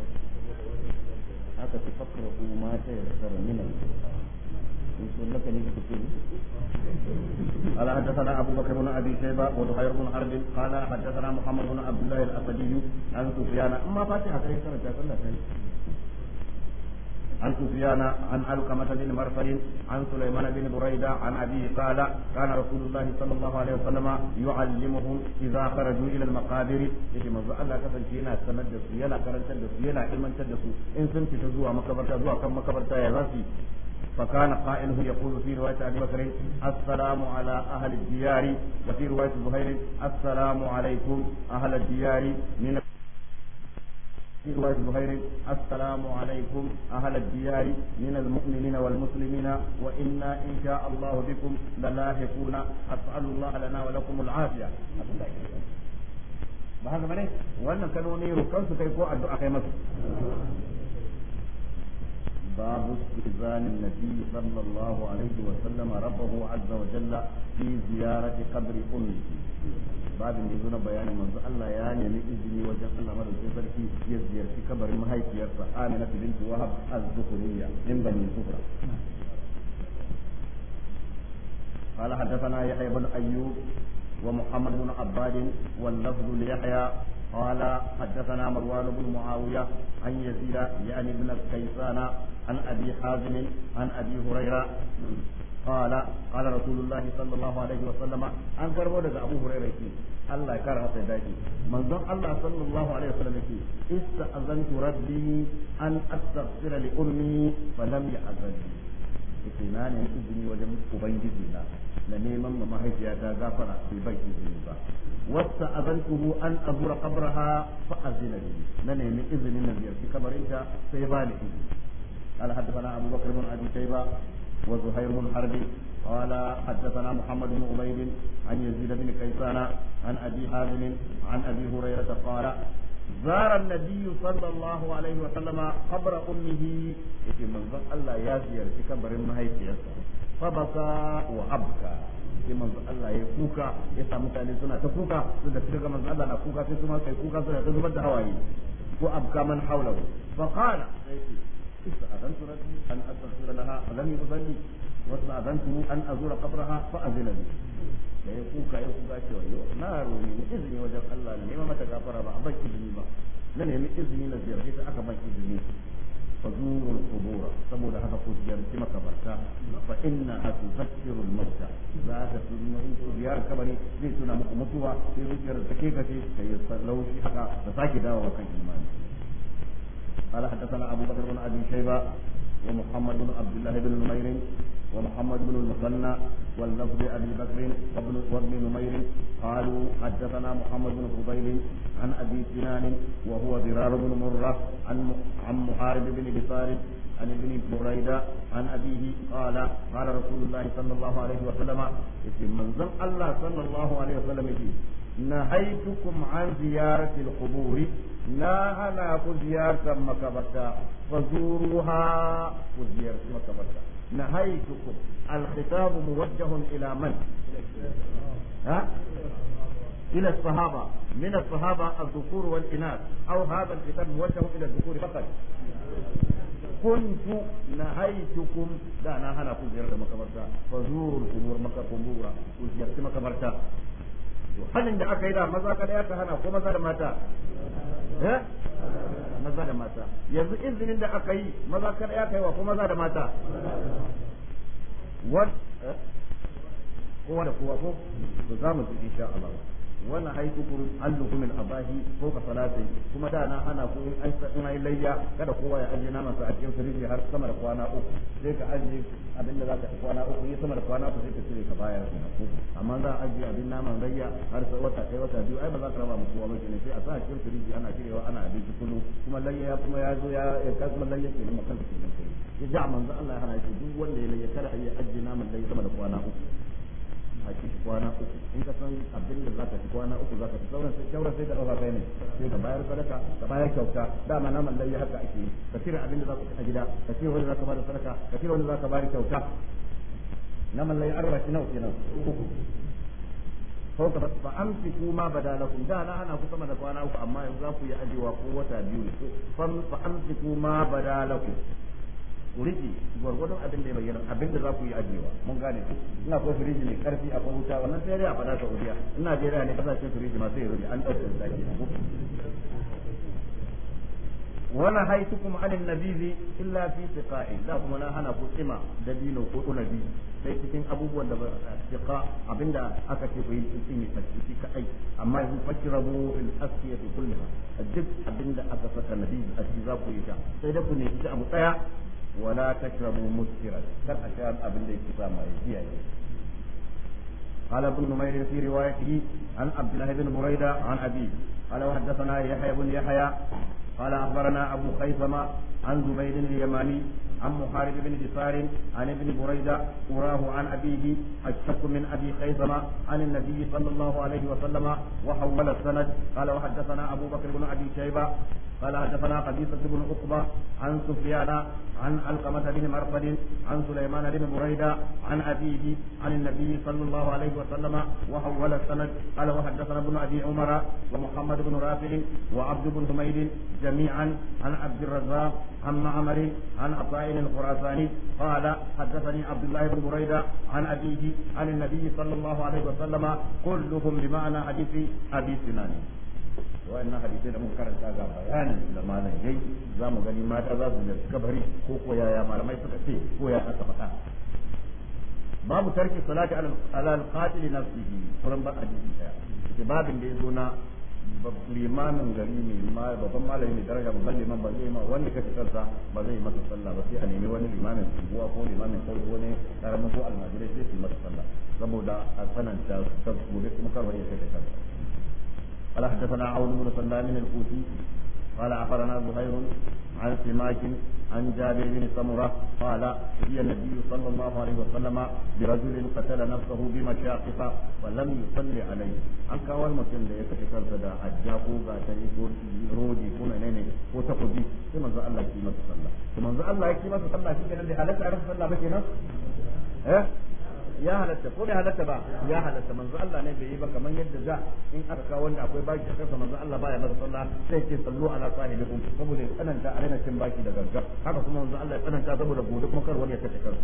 haka ta fakar ku ma ta tsara nuna in so laka ne kuke قال حدثنا بكر بن بن حرب قال حدثنا محمد بن عبد الله كيف الله عن سفيان عن علقمة بن مرسل عن سليمان بن بريدة عن أبيه قال كان رسول الله صلى الله عليه وسلم يعلمهم إذا خرجوا إلى المقابر يجي منذ الله كفن فينا سند يلا كرن تد يلا علما تد إن سنت تزوى مكبرتا زوى كم مكبرتا يا راسي فكان قائله يقول في رواية أبي بكر السلام على أهل الديار وفي رواية زهير السلام عليكم أهل الديار من في رواية بخير السلام عليكم أهل الديار من المؤمنين والمسلمين وإنا إن شاء الله بكم للاحقون أسأل الله لنا ولكم العافية ba haka bane wannan kalmomi rukan su kai ko addu'a kai masu باب استئذان النبي صلى الله عليه وسلم ربه عز وجل في زيارة قبر أمه babin da na bayanin manzo Allah ya nemi izini wajen Allah madaukakin sarki ya ziyarci kabarin mahaifiyarsa Amina bint Wahab az-Zuhriya in bani Sufra قال حدثنا يحيى بن أيوب ومحمد بن عباد واللفظ ليحيى قال حدثنا مروان بن معاوية عن يزيد يعني بن كيسان عن أبي حازم عن أبي هريرة قال قال رسول الله صلى الله عليه وسلم أن كربو دغ أبو هريرة الله كره سيداتي من ذن الله صلى الله عليه وسلم ربي فلم na ne izini wajen ubangiji na na neman ma mahaifiyata zafara bai bai izini ba wasta azantuhu an azura qabraha fa azina li na nemi izinin na ziyarci kabarinta sai ba ni izini قال حدثنا abubakar بكر بن Wasu الحرب قال حدثنا محمد بن عبيد عن يزيد بن كيسان عن ابي حازم عن ابي هريره قال زار النبي mutane suna ta kuka su da cikin manzo zubar da hawaye ko abka man haula استأذنت ربي أن أستغفر لها فلم يغفر لي واستأذنته أن أزور قبرها فأذن لي da ya kuka ya kuka cewa yau na roƙi ni izini wajen Allah ne ma mata gafara ba a ban izini ba na nemi izini na ziyarce ta aka ban izini fa zuru qubura saboda haka ku ziyarci makabarta fa inna atuzakkiru almauta za ta tunu in ku kabari zai tuna muku mutuwa sai zuciyar take gace kai sallau shi haka da sake dawowa kan imani قال حدثنا أبو بكر بن أبي شيبة ومحمد بن عبد الله بن نمير ومحمد بن المثنى واللفظ أبي بكر وابن وابن نمير قالوا حدثنا محمد بن فضيل عن أبي سنان وهو ذرار بن مرة عن عن محارب بن بصار عن ابن بريدة عن أبيه قال قال رسول الله صلى الله عليه وسلم في منزل الله صلى الله عليه وسلم نهيتكم عن زيارة القبور na hana ku ziyartar makabarta fa zuruha ku ziyartar makabarta na haitu ku alkhitab muwajjah ila man ha ila sahaba min sahaba azkur wal inas aw hada alkhitab muwajjah ila azkur faqat kuntu na haitu ku da na hana ku ziyartar makabarta fa zuru ku ziyartar makabarta to halin da aka yi da maza ka da ya ta ko maza da mata Eh? maza da mata yanzu izinin da aka yi maza kada ya kai wa ko maza da mata eh? kowa da kowa ko za mu ji insha Allah wani haikukum allukum al-abahi ka salatai kuma da na ana ko in an sai layya kada kowa ya aje naman sa a cikin firiji har sama da kwana uku sai ka aje abin da ka kwana uku ya sama da kwana uku sai ka cire ka bayar amma za a aje abin naman layya har sai wata kai wata biyu ai ba za ka raba musu wani ne sai a sa cikin firiji ana cirewa ana abinci kullu kuma layya kuma ya zo ya kasma layya ke nan makan da ke nan ya ja manzo Allah ya hana shi duk wanda ya layya kada a yi aje naman layya sama da kwana uku a ci kwana uku in ka san abin da zaka ci kwana uku zaka ci sauran sai sauran sai ka dauka kai ne sai ka bayar sadaka ka bayar kyauta dama naman lalle haka ake ka cire abin da zaka ci a gida ka cire wanda zaka bada sadaka ka cire wanda zaka bayar kyauta naman lalle arba shi nawa kenan uku ko ka fa amsiku ma badalakum da na ana ku sama da kwana uku amma yanzu za ku yi ajewa ko wata biyu ne fa amsiku ma badalakum riji gwargwadon abin da ya bayyana abin da za ku yi ajiyewa mun gane ku ina ko firiji mai karfi a wuta wannan sai a faɗa saudiya in najeriya ne kasashen firiji masu yi rubi an ɗauke da ke wala haytukum anin nabizi illa fi tiqa'i da kuma na hana ku tsima da dino ko unabi sai cikin abubuwan da tiqa abinda aka ce ku yi tsimi a ciki ai amma in fakirabu fil asfiyati kullaha duk abinda aka saka nabizi a ciki za ku yi ta sai da ku ne ta abu tsaya. wala tashrabu muskiran kar a sha abin da yake sa mai giya ne قال ابن نمير في روايته عن عبد الله بن بريدة عن أبيه قال وحدثنا يحيى بن يحيى قال أخبرنا أبو خيثمة عن زبيد اليماني عن محارب بن جسار عن ابن بريدة أراه عن أبيه الشك من أبي خيثمة عن النبي صلى الله عليه وسلم وحول السند قال وحدثنا أبو بكر بن أبي شيبة قال حدثنا قبيصة بن عقبة عن سفيان عن علقمة بن مرقد عن سليمان بن بريدة عن أبيه عن النبي صلى الله عليه وسلم وحول السند قال وحدثنا ابن أبي عمر ومحمد بن رافع وعبد بن حميد جميعا عن عبد الرزاق عن معمر عن عطاء الخراساني قال حدثني عبد الله بن بريدة عن أبيه عن النبي صلى الله عليه وسلم كلهم بمعنى حديث أبي سنان wa'annan hadisai da muka karanta ga bayanin da malam yayi za mu gani mata za su ziyarci kabari ko ko yaya malamai suka ce ko ya aka faɗa babu tarki salati ala al-qatil nafsihi kuran ba hadisi daya ce babin da yazo na limamin gari ne ma babban malami ne daraja babban liman ba zai ma wanda kake kansa ba zai masa sallah ba sai a nemi wani limamin unguwa ko limamin kai ko ne karamin ko almajirai sai su masa sallah saboda a tsananta ta gobe kuma karwa ya kai kansa قال حدثنا عون بن سلام الكوفي قال أخبرنا زهير عن سماك عن جابر بن سمرة قال هي النبي صلى الله عليه وسلم برجل قتل نفسه بمشاقف ولم يصل عليه أنك أول مسلم ليك تكرت دا أجاكو باتري رودي كون نيني وتقضي ثم زال الله كيما تصلى ثم زال الله كيما تصلى في كان اللي ألت أعرف صلى بكنا إيه ya halatta ko bai halatta ba ya halatta manzo Allah ne bai yi ba kamar yadda da in aka kawo wanda akwai baki da kansa manzo Allah baya masa sallah sai ke sallu ala sahibikum saboda ya tsananta a raina cin baki da gargar haka kuma manzo Allah ya tsananta saboda gobe kuma kar wani ya tafi kansa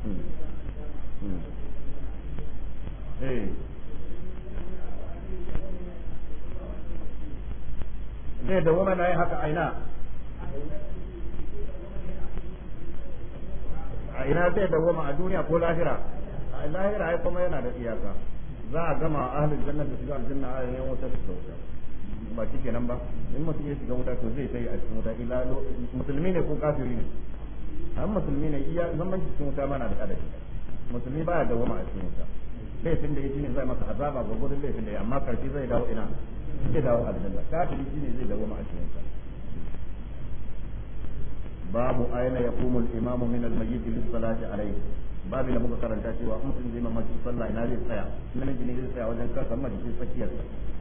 hmm. Hmm. Hmm. Eh. zai eh, dawoma na yi haka aina a ina zai dawoma a duniya ko lahira a lahira ai kuma yana da iyaka za a gama ahlul janna da shiga aljanna a yayin wata su sauka ba kike nan ba in mutum ya shiga wuta to zai sai a cikin wuta ila musulmi ne ko kafiri ne an musulmi ne iya zaman cikin wuta mana da adadi musulmi baya dawoma a cikin wuta laifin da ya ne zai masa azaba ga laifin da ya amma karfi zai dawo ina zai dawo aljanna kafiri shine zai dawoma a cikin wuta babu aina ya kuma imamu min al-majid salati alayhi babu da muka karanta cewa mutum zai mamaci sallah ina zai tsaya namiji ne zai tsaya wajen kasa majid tsakiyar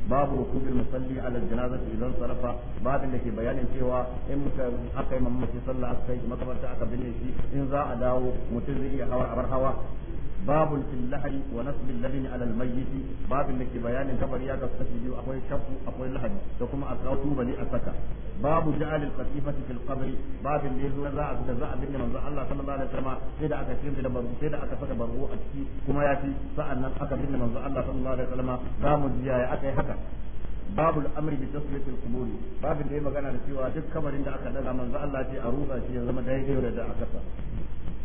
babu rukubil musalli ala janazati idan sarafa babin da ke bayanin cewa in mutum aka yi sallah aka kai makabarta aka binne shi in za a dawo mutum zai iya hawa bar hawa babun fil lahari wa nasb al ladini ala al mayyit babin da ke bayanin kabari aka ga biyu akwai shakku akwai lahadi da kuma a tubali a saka babu ja'al al qatifati fil qabr da za a da za a binne manzo Allah sallallahu alaihi wasallam sai da aka shirye da sai da aka saka barbu a ciki kuma ya fi nan aka binne manzo Allah sallallahu alaihi wasallam za mu ji yi haka babu al'amri bi magana da cewa duk kabarin da aka daga manzo Allah ce a ruga shi ya zama daidai da aka kasa.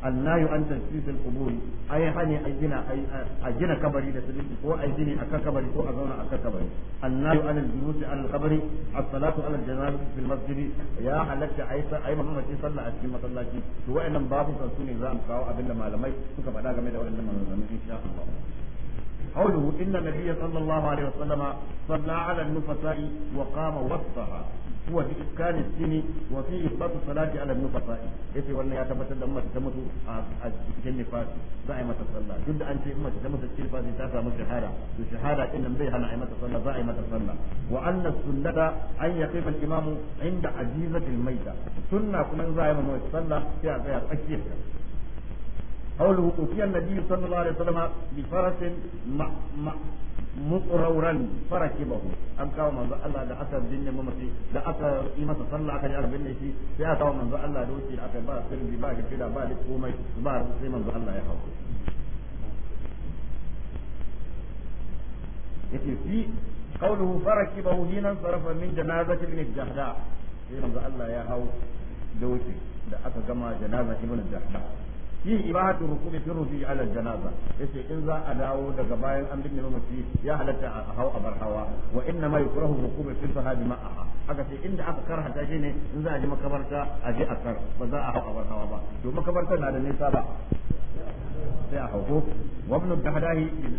annayu an tasfis al-qubur ai hani a gina kabari da sirinki ko ai gini a kabari ko a zauna a kabari annayu an al-junus an al-qabri as-salatu ala al fil masjid ya halatta ai ai Muhammad sallallahu a cikin masallaci to wa'annan babu san sune za a kawo abinda malamai suka faɗa game da wa'annan malamai insha Allah قوله إن النبي صلى الله عليه وسلم صلى على النفساء وقام وسطها huwa fi iskani sini wa fi isbatu salati ala nufasa yace ya tabbatar da mace ta mutu a cikin nifasi za a yi mata sallah duk da an ce mace ta mutu cikin nifasi ta samu shahada to shahada din nan bai hana a yi mata sallah za a yi mata sallah wa anna sunnata an yaqifa imamu inda ajizatil maita sunna kuma za a yi sallah sai a tsaya tsakiyar قوله أتي النبي صلى الله عليه وسلم بفرس مقرورا فركبه أم كاو منذ الله دا أكا بن ممسي دا أكا إما تصلى أكا جعل بن إيشي دا أكا منذ الله دوشي أكا با سر بي باقي كده با لكومي با رسي منذ الله يحوه يتي في قوله فركبه هنا انصرف من جنازة ابن الجهداء في منذ الله يحوه دوشي دا أكا جما جنازة ابن الجهداء yin ibadatu rukuni fi rufi ala janaza yace in za a dawo daga bayan an binne mamaci ya halatta a hau a bar hawa wa inna ma yukrahu rukuni fi sahabi ma aka ce inda aka karhata shi ne in za a je makabarta a je a kar ba za a hau a bar hawa ba to makabarta na da nisa ba sai a hau ko wa ibn dahdahi bin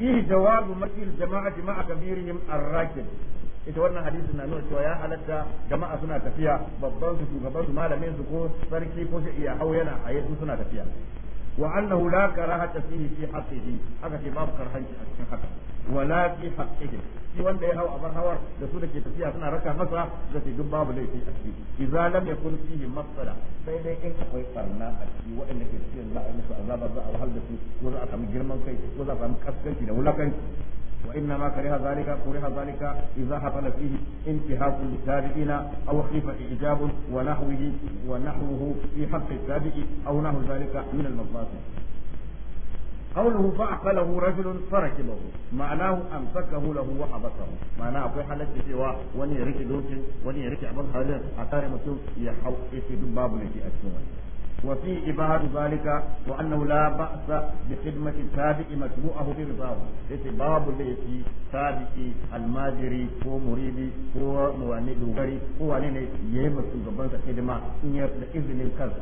فيه جواب مثل الجماعة مع كبيرهم الراكب ita wannan hadisi na nuna cewa ya halatta jama'a suna tafiya babban su shugaban su malamin su ko sarki ko shi iya hau yana a su suna tafiya wa annahu la karahata fihi fi haqqihi aka ce babu karhanci a cikin haka wala fi haqqihi shi wanda ya hau abar hawar da su dake tafiya suna raka masa da su duk babu laifi a ciki idza lam yakun fihi masala sai dai in akwai barna a ciki waɗanda ke cikin za a musu azaba za a wahal da su ko za a samu girman kai ko za a samu kaskanci da wulakanci وإنما كره ذلك كره ذلك إذا حصل فيه انتهاك للتابعين أو خيف إعجاب ونحوه ونحوه في حق التابع أو نحو ذلك من المظاهر قوله فأقله رجل فركبه معناه أمسكه له وحبسه معناه أقول حالك سوى وني ركي دوكي وني ركي أبن حالي أتاري مسلم يحوق في دباب لكي أسنوه وفي إبهار ذلك وأنه لا بأس بخدمة التابع مجموعه برضاه ليس باب ليس تابعي الماجري هو مريدي هو مواني دوغري هو لين يمس جبان تخدمة إن يرد إذن الكرس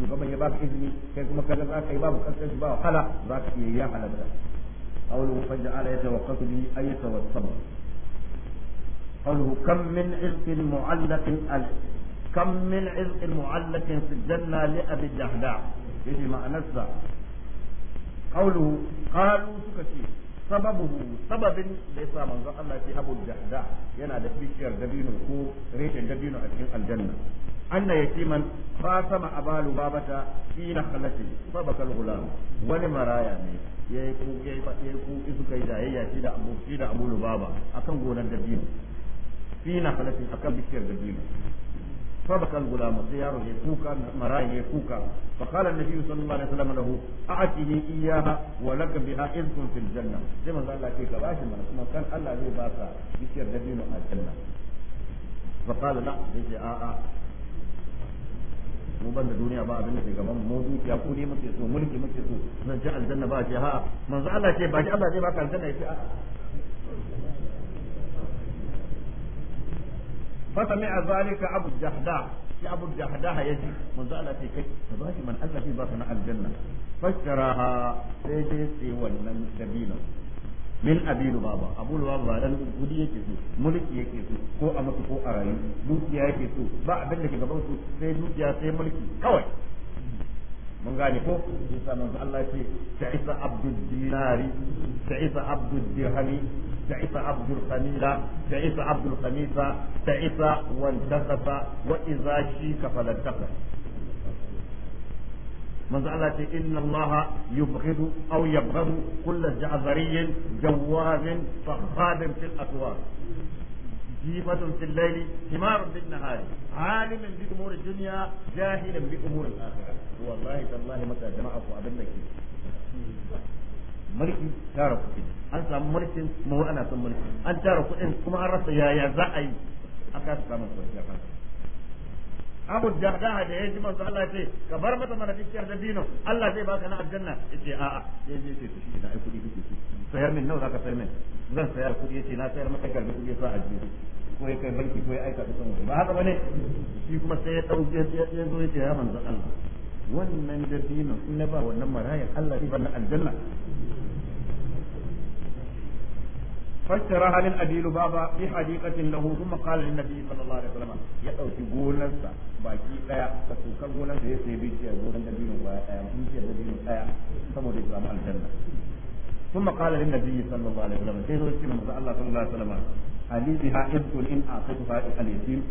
جبان يباك إذني كيف مكذب آك يباك كرس يباك حلا ذاك يا حلا بلا قوله فجعل يتوقف به أي توسم قوله كم من عرق معلق الألف kam min izqin mu'allakin fi janna li abi dahda yace ma'anarsa qawluhu qalu suka ce sababuhu sababin da yasa manzon Allah ya ce abu yana da bishiyar dabino ko reshen dabino a cikin aljanna أن يتيما خاتم أبا لبابة في نخلته wani maraya ولمرايا ya ku isu kai da yayya shi da abu shi da abu lubaba akan gonar dabino fi na halatin akan bishiyar dabino فبكى الغلام سيار يكوكا مراي يكوكا فقال النبي صلى الله عليه وسلم له أعطني إياها ولك بها إذن في الجنة زي ما قال لك كيف باشي من كان الله زي باسا يصير دبين الجنة فقال لا ليس آآ mu ban da duniya ba abin da ke gaban mu dukiya ko ne muke so mulki muke so zan ji aljanna ba ce ha manzo Allah ce ba ji Allah zai baka aljanna yace a'a فسمع ذلك أبو الجحداء في أبو الجحداء يجي من زال في كي فذاك من ألا في بطن الجنة فاشتراها سيجي ولن سبيلا min abi lubaba abu lubaba ba dan kudi yake so mulki yake so ko a ko a rayu dukiya yake so ba abin da ke gaban su sai dukiya sai mulki kawai mun gane ko isa sa manzo Allah ce sa'isa abdul ta isa abdul dirhami sa'isa abdul khamila sa'isa abdul khamisa sa'isa wal dakata wa idza shi kafalat taqa manzo Allah ce inna Allah yubghidu aw yabghadu kull ja'zariyin jawazin fa khadim fil atwar جيفة في الليل حمار بالنهار عالم بأمور الدنيا جاهل بأمور الآخرة والله تالله متى جماعة وأبنك mulki tara kuɗi an samu mulkin mu ana son mulki an tara kuɗin kuma an rasa yaya za a yi a kasa samun kwanciyar abu darda da ya ji manzo Allah ce ka bar mata mana dukiyar da dino Allah zai baka na aljanna yace a'a sai zai ce shi da ai kudi kike ci sayar min nawa ka sayar min zan sayar kudi yace na sayar maka garbi kudi sa ajiye ko ya kai banki ko ya aika da sanin ba haka bane shi kuma sai ya dauke ya zo yace ya manzo Allah wannan da dino in na ba wannan marayan Allah zai bani aljanna فاشتراها للأبيل بابا في حديقة له ثم قال للنبي صلى الله عليه وسلم يا أوتي قولنسا باكي قيا فسوكا قولنسا يسي بيشي قولن دبين وقايا ممشي دبين وقايا ثم الإسلام الجنة ثم قال للنبي صلى الله عليه وسلم سيدو السلام الله صلى الله عليه وسلم علي بها إذكل إن أعطيتها اليتيم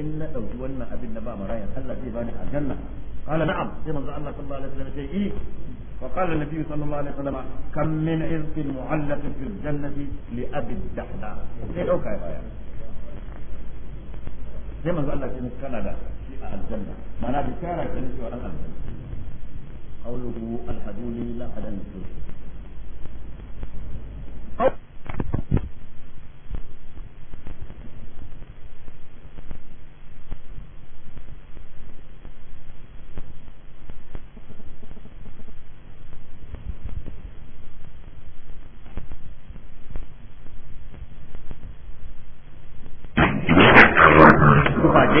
in na ɗauki wannan abin na ba marayan Allah zai bani aljanna qala na'am sai manzo Allah sallallahu alaihi wasallam ce eh فقال النبي صلى الله عليه وسلم كم من عزق معلق في الجنة لأبي الدحداء ايه اوكا يا بايا زي ما قال لك ان كندا في الجنة ما نادي كارا كنسي وعلى الجنة قوله الحدوني لا أدن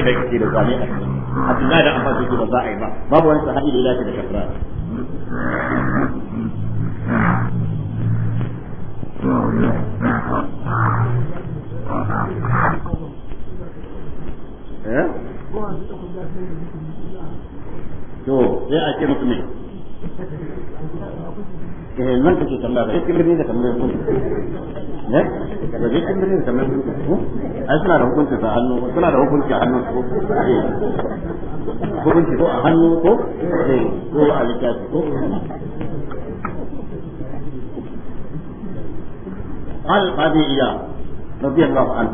sahabi da yake da a cikin da Abbas ba za a yi ba babu wani sahabi da yake da kafara eh? to sai a ce ne المنطق يسمى بس كبرني يسمى ne daga jikin birnin kamar su ai suna da hukunci a hannu suna da hukunci a hannun su hukunci ko a hannu ko ko a littafi قال قاضي إياه رضي الله عنه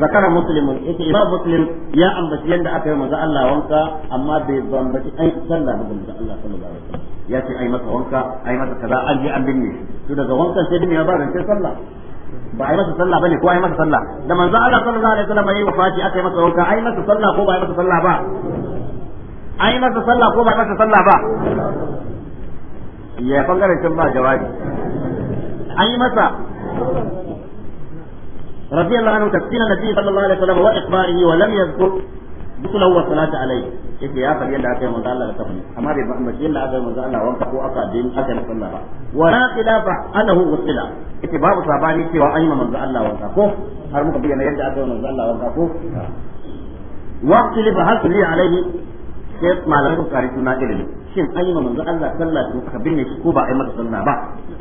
ذكر مسلم إيه إمام مسلم يا أم بس يند أكرم الله وانك أما بيضان بس أي صلى الله عليه وسلم ya ce ai masa wanka ai masa kaza an je an binne to daga wankan sai dinne ya ba sai sallah ba ai masa sallah bane ko ai masa sallah da manzo Allah sallallahu alaihi wasallam yayi wafati aka masa wanka ai masa sallah ko ba ai masa sallah ba ai masa sallah ko ba ai masa sallah ba ya bangaren can ba jawabi an yi masa رضي الله عنه تفسير النبي صلى الله عليه وسلم wa ولم يذكر dukkan wa salatu alai yake ya faɗi yadda aka yi manzo Allah da kafin amma bai ba mace yadda aka yi manzo Allah wanka ko aka din aka yi sallah ba wa la khilafa annahu usila yake babu sabani cewa an yi manzo Allah wanka ko har muka bayyana yadda aka yi manzo Allah wanka ko wa khilafa hasli alaihi sai malamai suka kare juna ilimi shin an yi ma manzo Allah sallah to ka binne shi ko ba a yi masa ba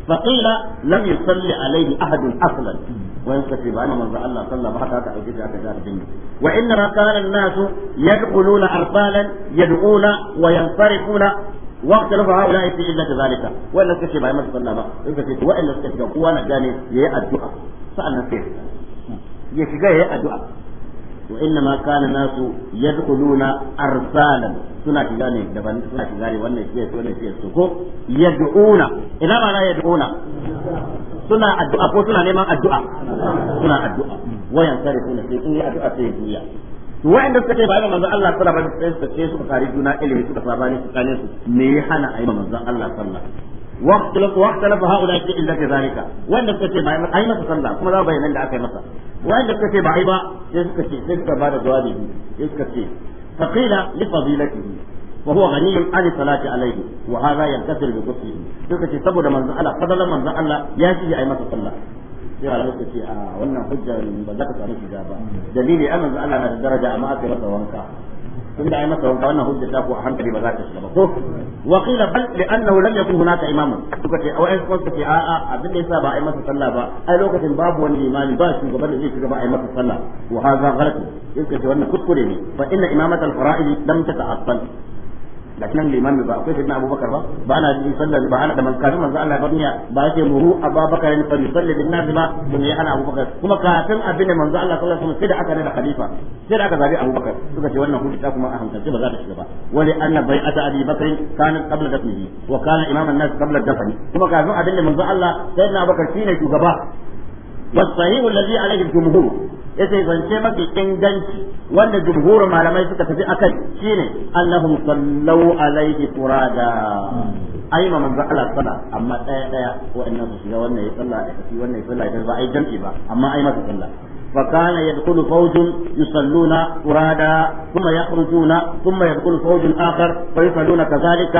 fa qila lam yusalli alaihi ahadun aslan wa yasafi ba ma manzo Allah sallah ba haka aka aike aka jara binne wa inna rakana an-nas yadkhuluna yad'una wa هؤلاء في إلا قوانا جاني يأدعى سألنا يشجع يأدعى wa inna ma kana nasu yadkhuluna arsalan suna shiga ne daban suna shiga ne wannan shi ne shi su ko yad'una ina ma na yad'una suna addu'a ko suna neman addu'a suna addu'a wayan sare suna sai in yi addu'a sai duniya wa'anda suka ce bayan manzon Allah sallallahu alaihi wasallam sai suka kare juna ilimi suka sabani tsakanin su me ya hana ayi Allah sallallahu alaihi wasallam واختلف واختلف هؤلاء في عند ذلك وين كنت ما اي مسا صلى كما ذا بيان da aka masa وين كنت ba yi ba sai suka ce sai suka bada jawabi sai suka ce faqila li fadilatihi وهو غني عن الصلاة عليه وهذا ينكسر بكفره suka ce saboda manzon Allah fadalan manzon Allah ya ci ai masa sallah sai Allah suka ce a wannan hujjar ba za ka samu shiga ba dalili annabi Allah na da daraja amma aka masa wanka tunda ai masa wanka wannan hujja ta ko a hankali ba za ta shiga ba ko wa qila bal li'annahu lam yakun hunaka imamun suka ce awai suka ce a a abin da yasa ba ai masa sallah ba ai lokacin babu wani imami ba shi gaban da zai shiga ba ai masa sallah wa hadha ghalat yake ce wannan kuskure ne fa inna imamatal fara'id lam tata'attal da nan limami ba akwai sayyidina abubakar ba ba na jin sallar ba hana da man kafin manzo Allah barniya ba yake muhu abubakar ne fa yusalli bin nas ba dun ya hana abubakar kuma kafin abin da manzo Allah sallallahu alaihi wasallam sai da aka da khalifa sai da aka zabi abubakar suka ce wannan hujja kuma a hamsa ba za ta shiga ba wali anna bai'ata abi bakr kana qabla dafnihi wa kana imam an-nas qabla dafni kuma kafin abin da manzo Allah sayyidina abubakar shine shugaba والصحيح الذي عليه الجمهور ce zance mafi inganci wanda jumhurin malamai suka tafi akai shine annahum sallu alaihi qurada ai ma manzo Allah sala amma daya daya wa'annan su shiga wannan ya salla da kafi wannan ya salla idan ba ai jam'i ba amma ai masa salla فكان يدخل فوج يصلون قرادا ثم يخرجون ثم يدخل فوج اخر فيصلون كذلك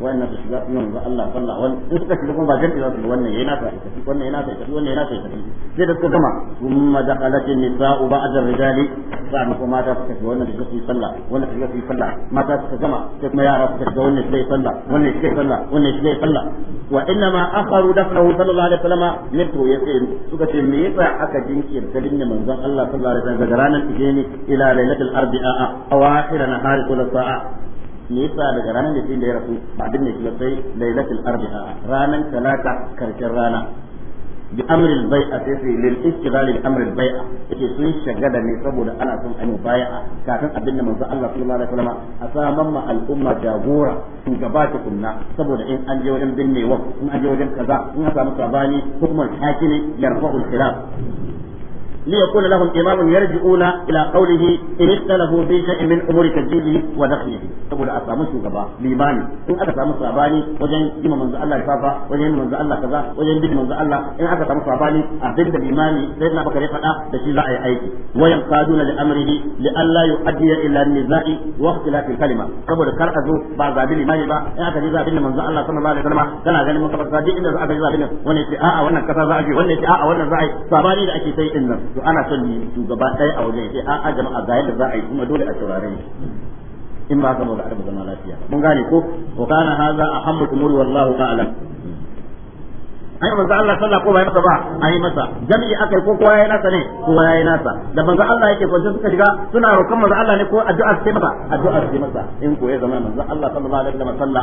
wannan su shiga sunan manzon Allah sallallahu alaihi suka shiga kuma ba jami'i za wannan yana ka tafi wannan yana ka tafi wannan yana ka tafi sai da suka gama kuma dakhalat an-nisa'u ba'da ar-rijali sa'an kuma mata suka shiga wannan suka yi sallah wannan suka yi sallah mata suka gama sai kuma yara suka shiga wannan suka sallah wannan suka sallah wannan suka sallah wa inna akharu dakhalahu sallallahu alaihi wasallam yato ya suka ce me yasa aka jinkirta dinne manzon Allah sallallahu alaihi wasallam daga ranar tijeni ila lailatul arbi'a awakhir nahari kullu sa'a nisa daga ranar da da ya rasu ba abin da kuma sai lailatul arba'a ranar talata karshen rana bi amril bai'a sai sai lil istighal bi amril bai'a yake sun shagada ne saboda ana son an a kafin abin da manzo Allah sallallahu alaihi a saman ma al'umma jagora shugaba ta kunna saboda in an je wajen binnewa in an je wajen kaza in sami samu sabani hukumar hakimi yarfa'ul khilaf ليكون لهم إمام يرجعون إلى قوله إن اختلفوا في شيء من أمور تجديده ودخله تقول أسامو شغبا ليماني إن أتى سامو صعباني وجن إما منذ الله إفافة وجن منذ الله كذا وجن بك منذ الله إن أتى سامو صعباني أعتقد الإيماني سيدنا بكر يفعل تشيل رأي أيدي وينقادون لأمره لئلا يؤدي إلى النزاع واختلاف الكلمة تقول كرأزو بعض ذابي الإيماني با إن أتى نزاع بنا منذ الله صلى الله عليه وسلم كان غني مصطفى صادق إن أتى نزاع بنا ونسي آآ ونسي آآ ونسي آآ ونسي آآ ونسي آآ ونسي آآ ونسي آآ ونسي آآ to ana son ne shugaba ɗaya a wajen sai a jama'a ga yadda za a yi kuma dole a saurare shi in ba ka ba za a zama lafiya mun gane ko wa kana hadha ahammu umuri wallahu ta'ala ai manzo Allah sallah ko bai masa ba ai masa jami'i ko kowa yayi nasa ne kowa yayi nasa da manzo Allah yake kwance suka shiga suna roƙon manzo Allah ne ko addu'a sai masa addu'a sai masa in ko ya zama manzo Allah sallallahu alaihi wasallam sallah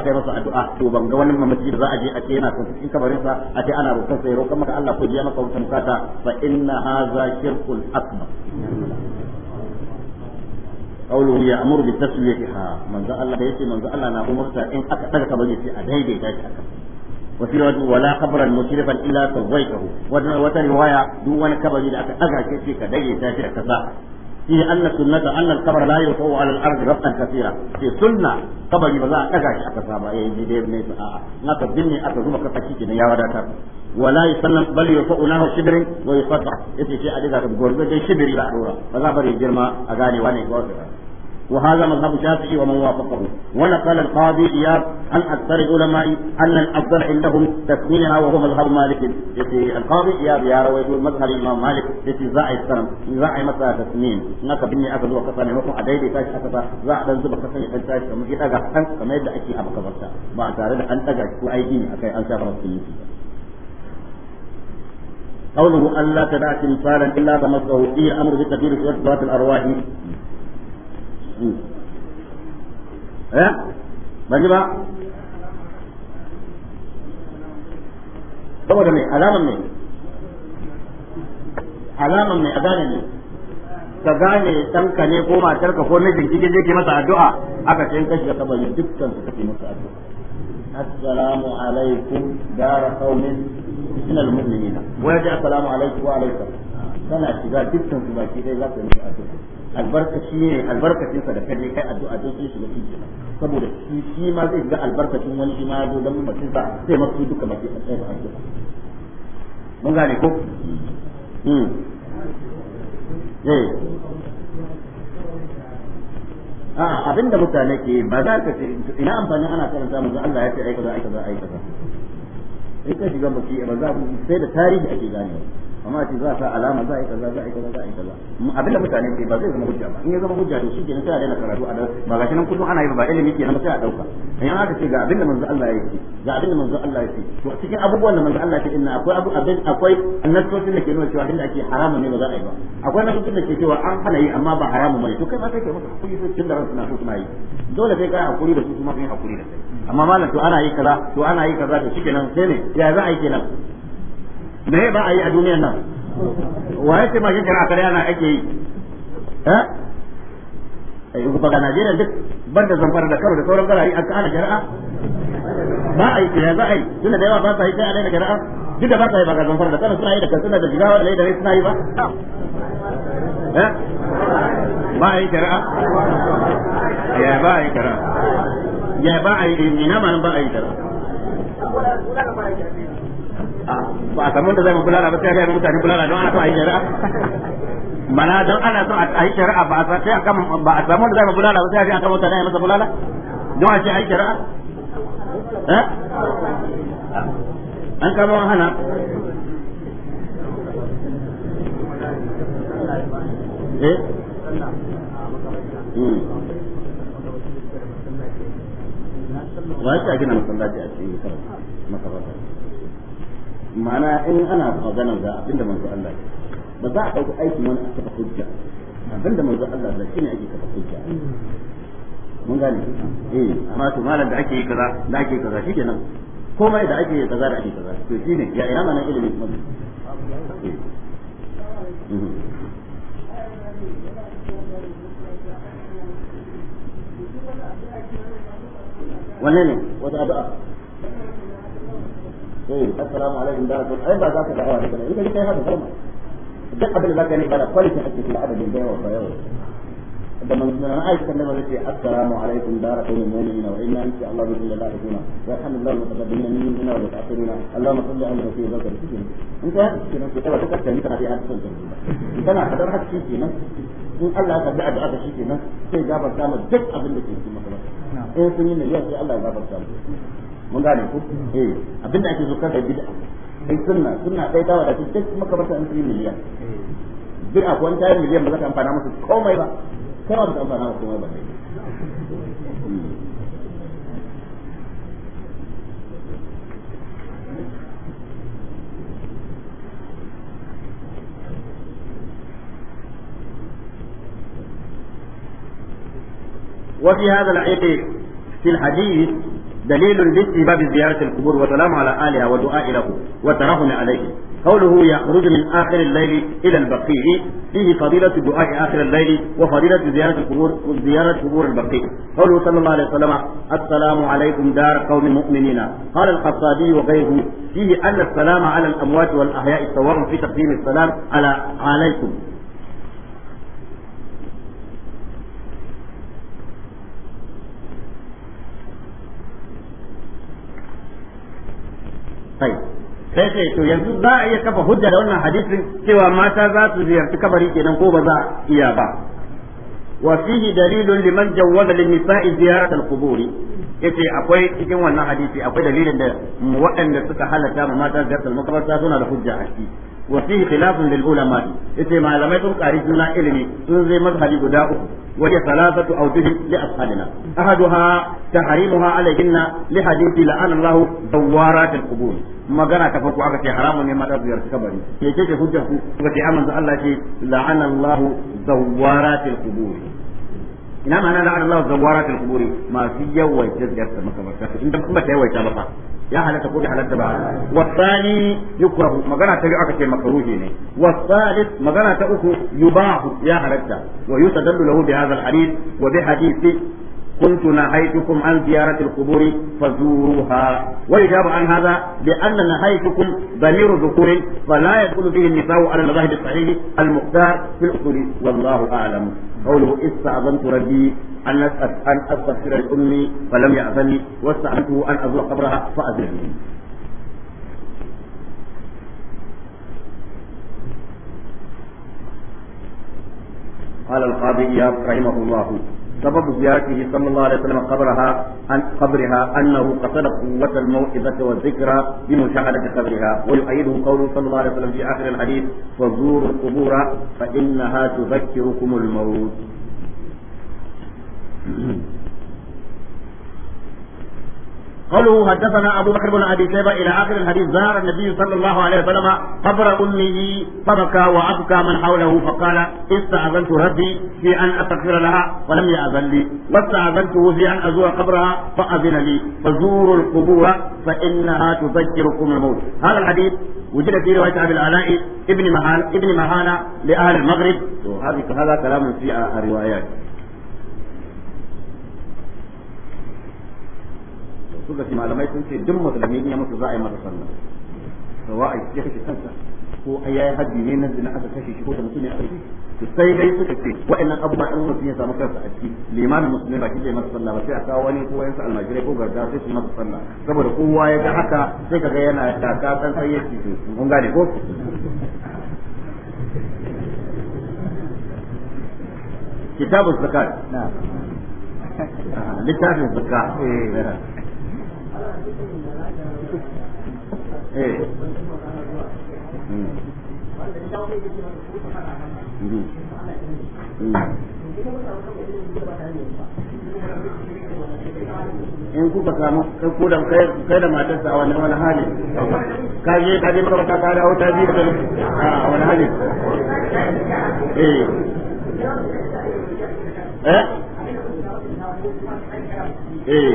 akai masa masa addu'a to ban ga wani mamaci da za a je a ce yana kwance cikin kabarin sa a ce ana roƙon sai roƙon maka Allah ko je maka wutan kata fa inna hadha shirkul akbar قوله يأمر بالتسوية من ذا الله من ذا الله إن أكتلك أدهي أكتلك وفي رواية ولا قبرا مشرفا إلا سويته وفي رواية دون كبر إذا أتأذى كيف كدي تاشر كذا في أن السنة أن القبر لا يطوى على الأرض ربطا كثيرا في سنة قبر بلا أتأذى كذا ما يجي ما تبني أتزوم كتاكيك يا وداتا ولا يسلم بل يرفع له شبر ويقطع يتي شيء أدي ذاك بقول شبري لا رورا فذا بري جرما أغاني واني قوة وهذا مذهب الشافعي ومن وافقه ونقل القاضي اياب عن اكثر العلماء ان الافضل عندهم تسمينها وهو مذهب مالك يتي القاضي اياب يا رويت مذهب الامام مالك يتي زاع السلام زاع متى تسمين هناك بني اكل وكسر مكو اداي تاش اكتا زاع دان زبا كسر كان تاش كما كي دغا كان كما يدا اكي ابا كبرتا ما تare da an daga ko aiki akai an shafa musulunci قوله أن لا تدع تمثالا إلا بمصره فيه أمر بكثير في ذات الأرواح eh ba saboda mai alaman mai alaman mai a gane ne ka gane ɗanka ne ko matarka ko mijin cikin zai ke masa addu'a aka ce in kashi da yin dukkan su kake masa addu'a assalamu alaikum dara qaumin min almu'minina na ya assalamu alaikum wa alaikum kana shiga dukkan su baki dai za ka yi addu'a albarka shi ne albarkacin sa da kaje kai addu'a don su shiga cikin saboda shi shi ma zai ga albarkacin wani shi ma zo dan mutum ba sai masu duka mace ta tsaya addu'a mun gane ko mm eh a abin da mutane ke ba za ka ce ina amfani ana karanta mu Allah ya ce aika za aika za aika za in ka shiga mutum ba za ku sai da tarihi ake ganewa amma ce za a sa alama za a yi kaza za a yi kaza za a yi kaza abin da mutane ke ba zai zama hujja ba in ya zama hujja to shi kenan sai a daina karatu a dan ba gashi nan kullum ana yi ba ilimi kenan ba sai a dauka in aka ce ga abin da manzo Allah ya ce ga abin da manzo Allah ya ce to cikin abubuwan da manzo Allah ya ce inna akwai abu abin akwai annasosin da ke nuna cewa abin da ake haramun ne ba za a yi ba akwai annasosin da ke cewa an hana yi amma ba haramun bane to kai ma kai ke maka hakuri sai tunda ransu na so kuma yi dole sai ka hakuri da su kuma kai hakuri da kai amma malam to ana yi kaza to ana yi kaza to sai ne ya za a yi kenan me ba a yi a duniyar nan wa ya ce ma shekara kare ana ake yi eh ba eh, ga Najeriya duk banda zamfara da karo da sauran garayi an kana shari'a ba a yi ya za a yi tunda da yawa ba sa yi kai a da jara'a? duk da ba sa yi ba ga zamfara da karo suna yi da suna da jigawa da lai da lai suna yi ba eh ba a yi jara'a? ya ba a yi ya ba a yi ina ma ba a yi ba a samu da zai bulala ba sai ga mutane bulala don ana so a yi shari'a mana don ana so a yi shari'a ba a sai a kama ba a samu da zai bulala ba sai ga kama mutane masa bulala don a ce a yi shari'a eh an kama hana eh hmm. wa ya gina masallaci a cikin makabarta ma'ana in ana magana ga abinda manzo Allah ya ba za a ɗauki aikin wani a kafa hujja abinda manzo Allah ya ne ake kafa hujja mun gane eh amma to malam da ake yi kaza da ake kaza shi shikenan komai da ake yi kaza da ake kaza to ne ya ina mana ilimin kuma eh. mhm. wannan ne wata addu'a السلام عليكم بارك الله فيكم بعد ذلك الاوان كده يبقى كده هذا الضرب الدقه قبل ما كان يبقى كل شيء حتى العدد اللي هو الضياء لما قلنا انا عايز اتكلم على السلام عليكم بارك الله المؤمنين وانا ان شاء الله باذن الله لاحقنا والحمد لله متقدمين من هنا ومتاخرين اللهم صل على النبي صلى الله عليه وسلم انت كنا في كتابه كتابه انت في هذا الفيلم انت انا حضر حد شيء فينا يقول الله قد بعد هذا الشيء فينا في جابر كامل دقه بالنسبه لك نعم ايه فينا يا الله جابر كامل mun gane ku eh abinda ake so kada bid'a kai sunna sunna kai tawa da duk makabarta an yi miliyan bid'a ko an tayi miliyan ba za ka amfana musu komai ba kai ba za ka amfana musu komai ba hmm. وفي هذا العيد في الحديث دليل لاستحباب زيارة القبور والسلام على آلها والدعاء له والترحم عليه قوله يخرج من آخر الليل إلى البقيع فيه فضيلة دعاء آخر الليل وفضيلة زيارة القبور زيارة قبور البقيع قوله صلى الله عليه وسلم السلام عليكم دار قوم مؤمنين قال القصادي وغيره فيه أن السلام على الأموات والأحياء سواء في تقديم السلام على عليكم sai ce to yanzu za a iya kafa hujja da wannan hadisin cewa mata za su ziyarci kabari kenan ko ba za iya ba wa fihi dalilun liman jawwaza lin nisa'i ziyarat al-qubur yace akwai cikin wannan hadisi akwai dalilin da waɗanda suka halatta ma mata ziyartar makabarta suna da hujja a ciki wa fihi khilafun lil ulama yace malamai sun kari juna ilimi sun zai mazhabi guda uku wa ya salatu awjuh li ashabina ahaduha tahrimuha alayhinna li hadithi la'ana Allah dawarat al qubur magana ta farko aka ce haramun ne madabiyar kabari ke ce hujjar ku ga ce Allah ce la'ana Allah dawarat al qubur ina ma'ana la'ana Allah ma inda kuma ta yawaita ba ya halatta ko bai halatta ba wasani yukrahu magana ta biyu aka ce makruhi ne wasalis magana ta uku yubahu ya halatta wa yutadallu lahu bi hadha alhadith wa bi hadithi كنت نهيتكم عن زيارة القبور فزوروها ويجاب عن هذا بأن نهيتكم ضمير ذكور فلا يدخل فيه النساء على المذاهب الصحيح المختار قوله استعظمت ربي أن أن أستغفر لأمي فلم يأذني واستعظمته أن أزور قبرها فأذن لي قال القاضي إياب رحمه الله سبب زيارته صلى الله عليه وسلم قبرها أن قبرها أنه قصد قوة الموعظة والذكرى بمشاهدة قبرها ويؤيده قوله صلى الله عليه وسلم في آخر الحديث فزوروا القبور فإنها تذكركم الموت قالوا حدثنا ابو بكر بن ابي شيبه الى اخر الحديث زار النبي صلى الله عليه وسلم قبر امه فبكى وابكى من حوله فقال استاذنت ربي في ان استغفر لها ولم ياذن لي واستاذنته في ان ازور قبرها فاذن لي فزوروا القبور فانها تذكركم الموت هذا الحديث وجد في روايه ابي الالاء ابن مهان ابن مهانه لاهل المغرب هذا كلام في الروايات suka ce malamai sun ce duk musulmi in ya mutu za a yi masa sallah wa a ya kashe kansa ko ai yayi haddi ne na zina aka kashe shi ko da mutum ne aka to sai dai suka ce wa'annan abubuwa in mutum ya samu kansa a ciki liman musulmi ba kike masa sallah ba sai a kawo wani ko wayansu almajirai ko garda sai su masa sallah saboda kowa ya ga haka sai kaga yana da kan sai ya ci mun gane ko kitabu zakat littafin zakka eh. Eh. in kuka samu ko da kai da matarsa a wannan wani hali ka je ka je makaranta ka da ta ji da a wani hali eh eh, eh.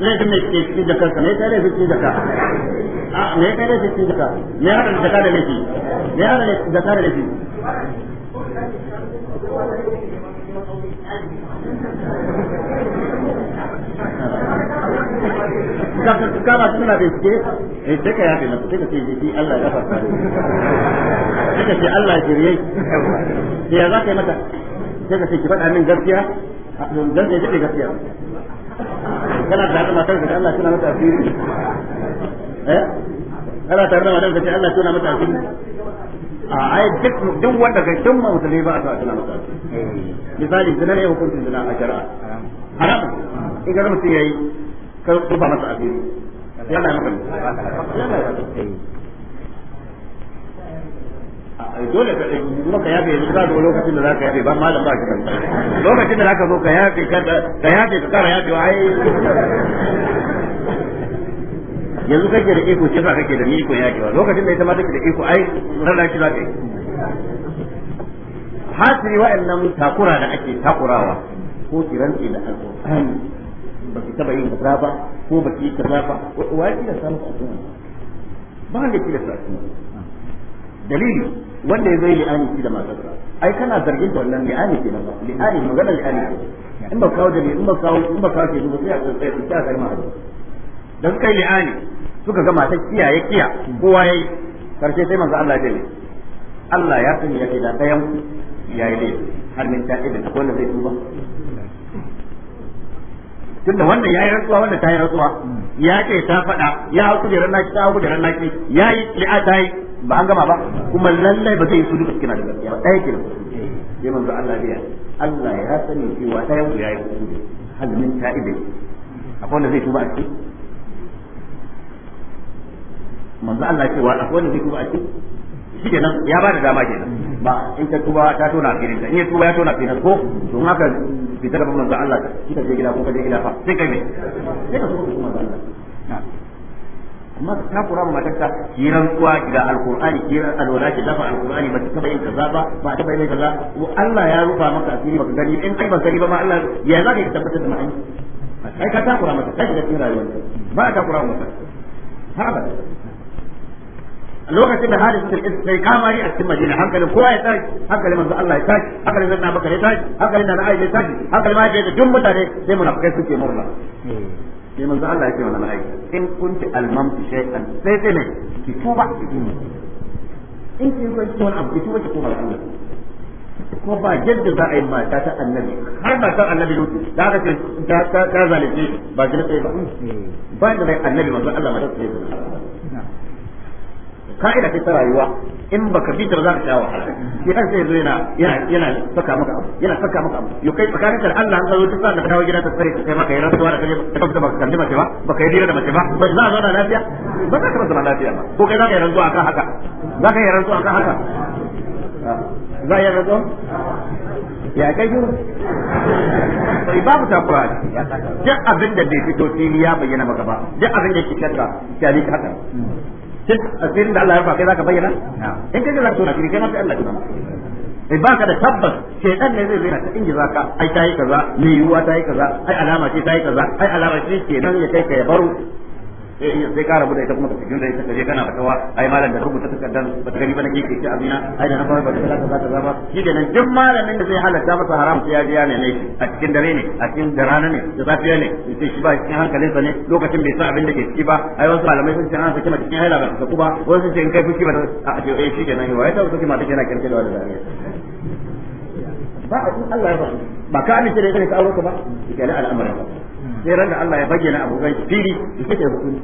laifin mai ke cikin da ne mai kare cikin da kansa ne mai kare cikin da kansa mai hada da kada laifi ne hada da kada laifi kama suna da suke eh sai ka yafe masa sai ka ce jiki Allah ya farka sai ka ce Allah shirye sai ya za ka yi mata sai ka ce ki faɗa min gaskiya dan sai ya gaskiya kana tare da matar ka Allah tuna mata asiri eh kana tare da matar ka Allah tuna mata asiri a ai duk duk wanda ka kin ma musulmi ba a tuna mata asiri misali zina ne hukuncin zina a shari'a haram in ga mutum yayi ka rufa masa asiri yana maka yana dole ka kuma ka yafe yanzu ka zo lokacin da za ka yafe ba malam ba ka lokacin da za ka zo ka yafe ka yafe ka kara yafe ai yanzu kake da iko ce ba kake da ni iko yakewa lokacin da ita ma take da iko ai rada ki za ka yi hasiri wa'annan takura da ake takurawa ko kiranci da alƙur'ani ba ki taba yin kaza ba ko ba ki kaza ba wa ki da samu ba ne ki da samu dalili wanda ya zai li'ani shi da matarsa ai kana zargin da wannan li'ani ke nan li'ani magana li'ani in ba kawo da in ba kawo in ba kawo ke zuwa sai a tsaye su ta kai ma'azu dan kai li'ani suka ga matar ya kiya kowa yayi karshe sai manzo Allah ya ce Allah ya sani ya da ɗayan dayan yayi dai har min ta idan wanda zai tuba tunda wannan yayi rantsuwa wannan ta yi rantsuwa ya ce ta faɗa ya hakujerar naki ta hakujerar naki ya yi li'a ta yi ba an gama ba kuma lallai ba zai yi sudu cikin da gaskiya ba ɗaya kenan sai manzo Allah ya Allah ya sani cewa ta yau ya yi sudu hal min ta'ibi akwai wanda zai tuba a ciki manzo Allah cewa akwai wanda zai tuba a ciki shi kenan ya ba da dama kenan ba in ta tuba ta tona filin ta in ya tuba ya tona filin ko to in haka fitar da manzo Allah kika je gida ko ka je gida fa sai kai ne sai ka kuma manzo Allah ka kura ma matarka ki rantsuwa ga alqur'ani ki ran alwala ki dafa alqur'ani ba ki taba yin kaza ba ba taba yin kaza Allah ya rufa maka asiri baka gani in kai ba gani ba ma Allah ya zaka ki tabbatar da ma'ani kai ka takura mata kai ka cikin rayuwar ba ka kura mata haba lokacin da hadis sun isa sai kamari a cikin madina hankalin kowa ya tashi hankalin manzo Allah ya tashi hankalin zanna baka ya tashi hankalin nan na'ai ya tashi hankalin ma ya da duk mutane sai munafikai suke murna sai manzo Allah yake wannan aiki in kunti almamtu shay'an sai sai ne ki tuba ki in kin ki ki tuba ki tuba Allah ko ba yadda za a yi mata ta annabi har ba san annabi lutu da aka ce ta zalunce ba ki da ba ba da annabi manzo Allah ma ta ce ka'ida ce ta rayuwa in baka bi ta za ka sha wahala shi kan sai zo yana yana yana saka maka abu yana saka maka abu yo kai tsakanin ka Allah an zo ta sa da dawo gida ta tsare ka kai maka yana tsawa da kaje ka tabbata baka kalli mace ba baka yi dira da mace ba ba za zo da lafiya ba za ka zama lafiya ba ko kai za ka yi zuwa akan haka za ka yi zuwa akan haka za ya rantsuwa ya kai yi sai babu takura duk abin da bai fito fili ya bayyana maka ba duk abin da kanka ya ka haka duk asirin da Allah ya faɗa zaka bayyana in kaje zaka tona kiri kana sai Allah ya eh baka da tabbas shedan ne zai rena ta inji zaka ai tayi kaza me yuwa tayi kaza ai alama ce tayi kaza ai alama ce kenan ya kai ka ya baro sai ka rabu ita kuma ka cikin da ita kana ai malam da rubuta takardar ba ta gani ba nake da ta ba shi zai halatta a cikin dare ne a cikin ba cikin ne lokacin bai san abin da ke ciki ba ai cikin haila ba ta wasu sun ce in kai fushi ba a ce eh shi ai ma da dariya ba a Allah ya ba ka amince da ita ne ka aure ka ba al'amarin ba sai ran Allah ya bayyana abu shi fili da suke hukunci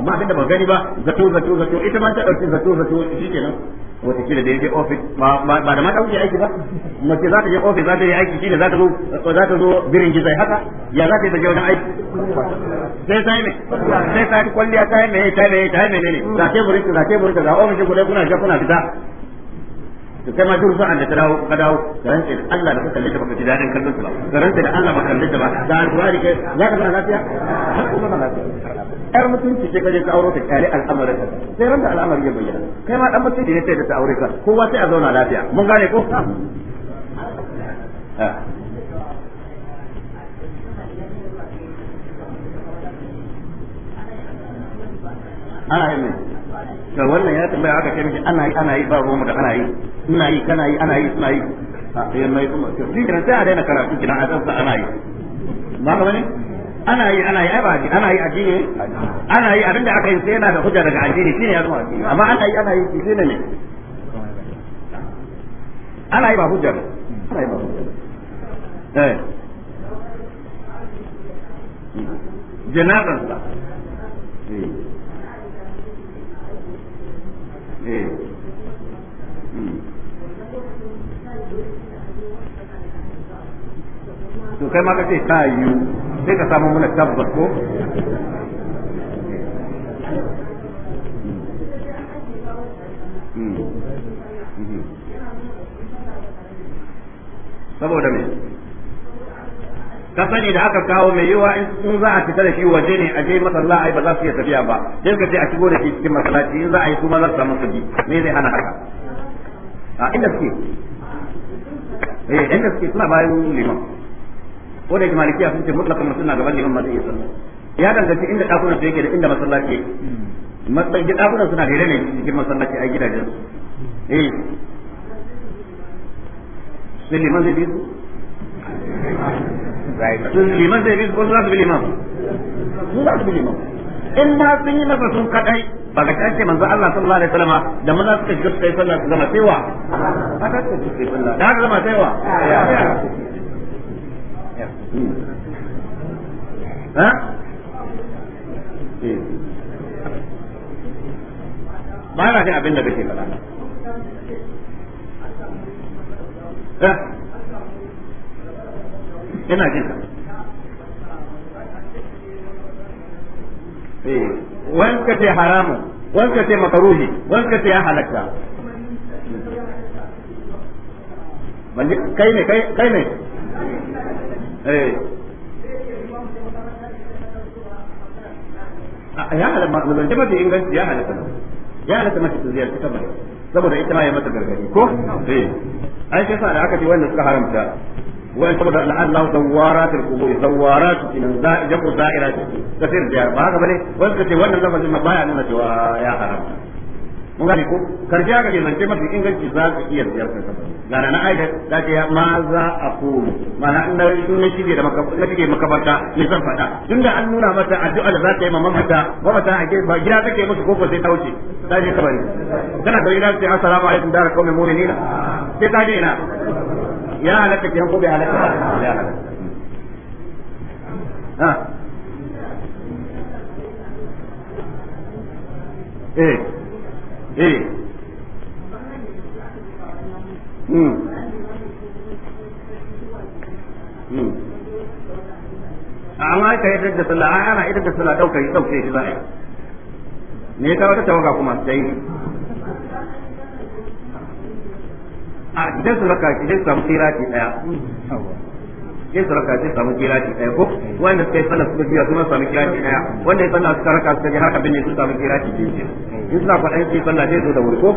amma abin da ba gani ba zato zato zato ita ma ta dauki zato zato shi kenan wata kila da yake office ba da ma dauke aiki ba mace za ta je office za ta yi aiki kila za ta zo za ta zo birin gizai haka ya za ta ta je wani aiki sai sai ne sai sai kwalliya ta yi ne ta ne ta ne ne za ta burinka za ta burinka ga office ku dai kuna ga kuna fita to kai ma duk sa'an da ta dawo ka dawo garan sai Allah da kalle ta baka ji dadin kallon ba garan sai da Allah baka kalle ta ba da ruwa da kai za ka ba lafiya har kuma zama lafiya yar mutunci ce kaje ka aure ta kare al'amarin ka sai ran da al'amarin ya bayyana kai ma dan mutunci ne sai ka ta aure ka kowa sai a zauna lafiya mun gane ko ana yin to wannan ya tambaya aka ce mishi ana yi ana yi ba ruwan mu da ana yi ina yi kana yi ana yi ina yi a yan mai kuma to shi kenan sai a daina karatu kenan a tsasa ana yi ba ka bane ana yi ana yi ai ba ana yi addini ana yi abinda aka yi sai yana da hujja daga addini shine ya zama addini amma ana yi ana yi shine ne ne. ana yi ba hujja ba ana yi ba hujja eh janazan sa eh. Eh. Hmm. to kai ma ka ce ta yiwu sai ka samu mana tabbas ko hmm. Hmm. saboda me ka sani da aka kawo mai yiwa in sun za a fita da shi waje ne a je masallah ai ba za su iya tafiya ba sai ka ce a shigo da shi cikin masallaci in za a yi kuma za su samu kudi me zai hana haka a inda suke eh inda suke suna bayan liman ko da jama'a sun ce mutlaka mutum na gaban liman ma zai iya sallah ya danganci inda dakunan su yake da inda masallaci yake da dakunan suna da ne cikin masallaci a gidajen eh sai liman zai bi su liman zai bi ko za su bi liman su za su bi liman in ma sun yi masa sun kadai ba ga kace manzo Allah sallallahu alaihi wasallam da mun suka shiga sai sallah su zama ba ta ce sai sallah da zama ha eh. ba na jin abin da kake faɗa eh. ina jin ka eh wani ka ce haramun wani makaruhi wani ka ce ya kai ne kai ne eh ya halatta makulun da mafi inganci ya halatta ya halatta mace ta ziyarci ta saboda ita ma ya mata gargadi ko eh ai sai sa da aka ce wanda suka haramta wai saboda Allah zawaratul qubur zawaratu kinan za jabu da'ira ce kasir da ba haka bane wanda kace wannan lafazin ma baya nuna cewa ya haram mun ga ku karjiya ga ke zance mafi inganci za ka iya ziyar ka ga na aida za ka ya ma za a kulu mana in na na shige da na shige makabarta ni zan faɗa tunda an nuna mata addu'a da za ta yi ma mamata Mata a ke ba gida take musu koko sai ta wuce ta je kabari kana da gida sai assalamu alaikum da ni ne sai ta je ina ya halatta kenan ko bai halatta ya eh eh hmm. hmm amma ka yi da sallah ana ita da sallah dauka yi dauke shi za a yi tawaga kuma sai a idan su raka shi zai samu kirati daya zai su raka zai samu kirati daya ko wanda suka yi sallah suka biya kuma samu kirati daya wanda ya sallah suka raka suka ji har abin ne su samu kirati biyu in suna kwaɗayin su yi sallah zai zo da wuri ko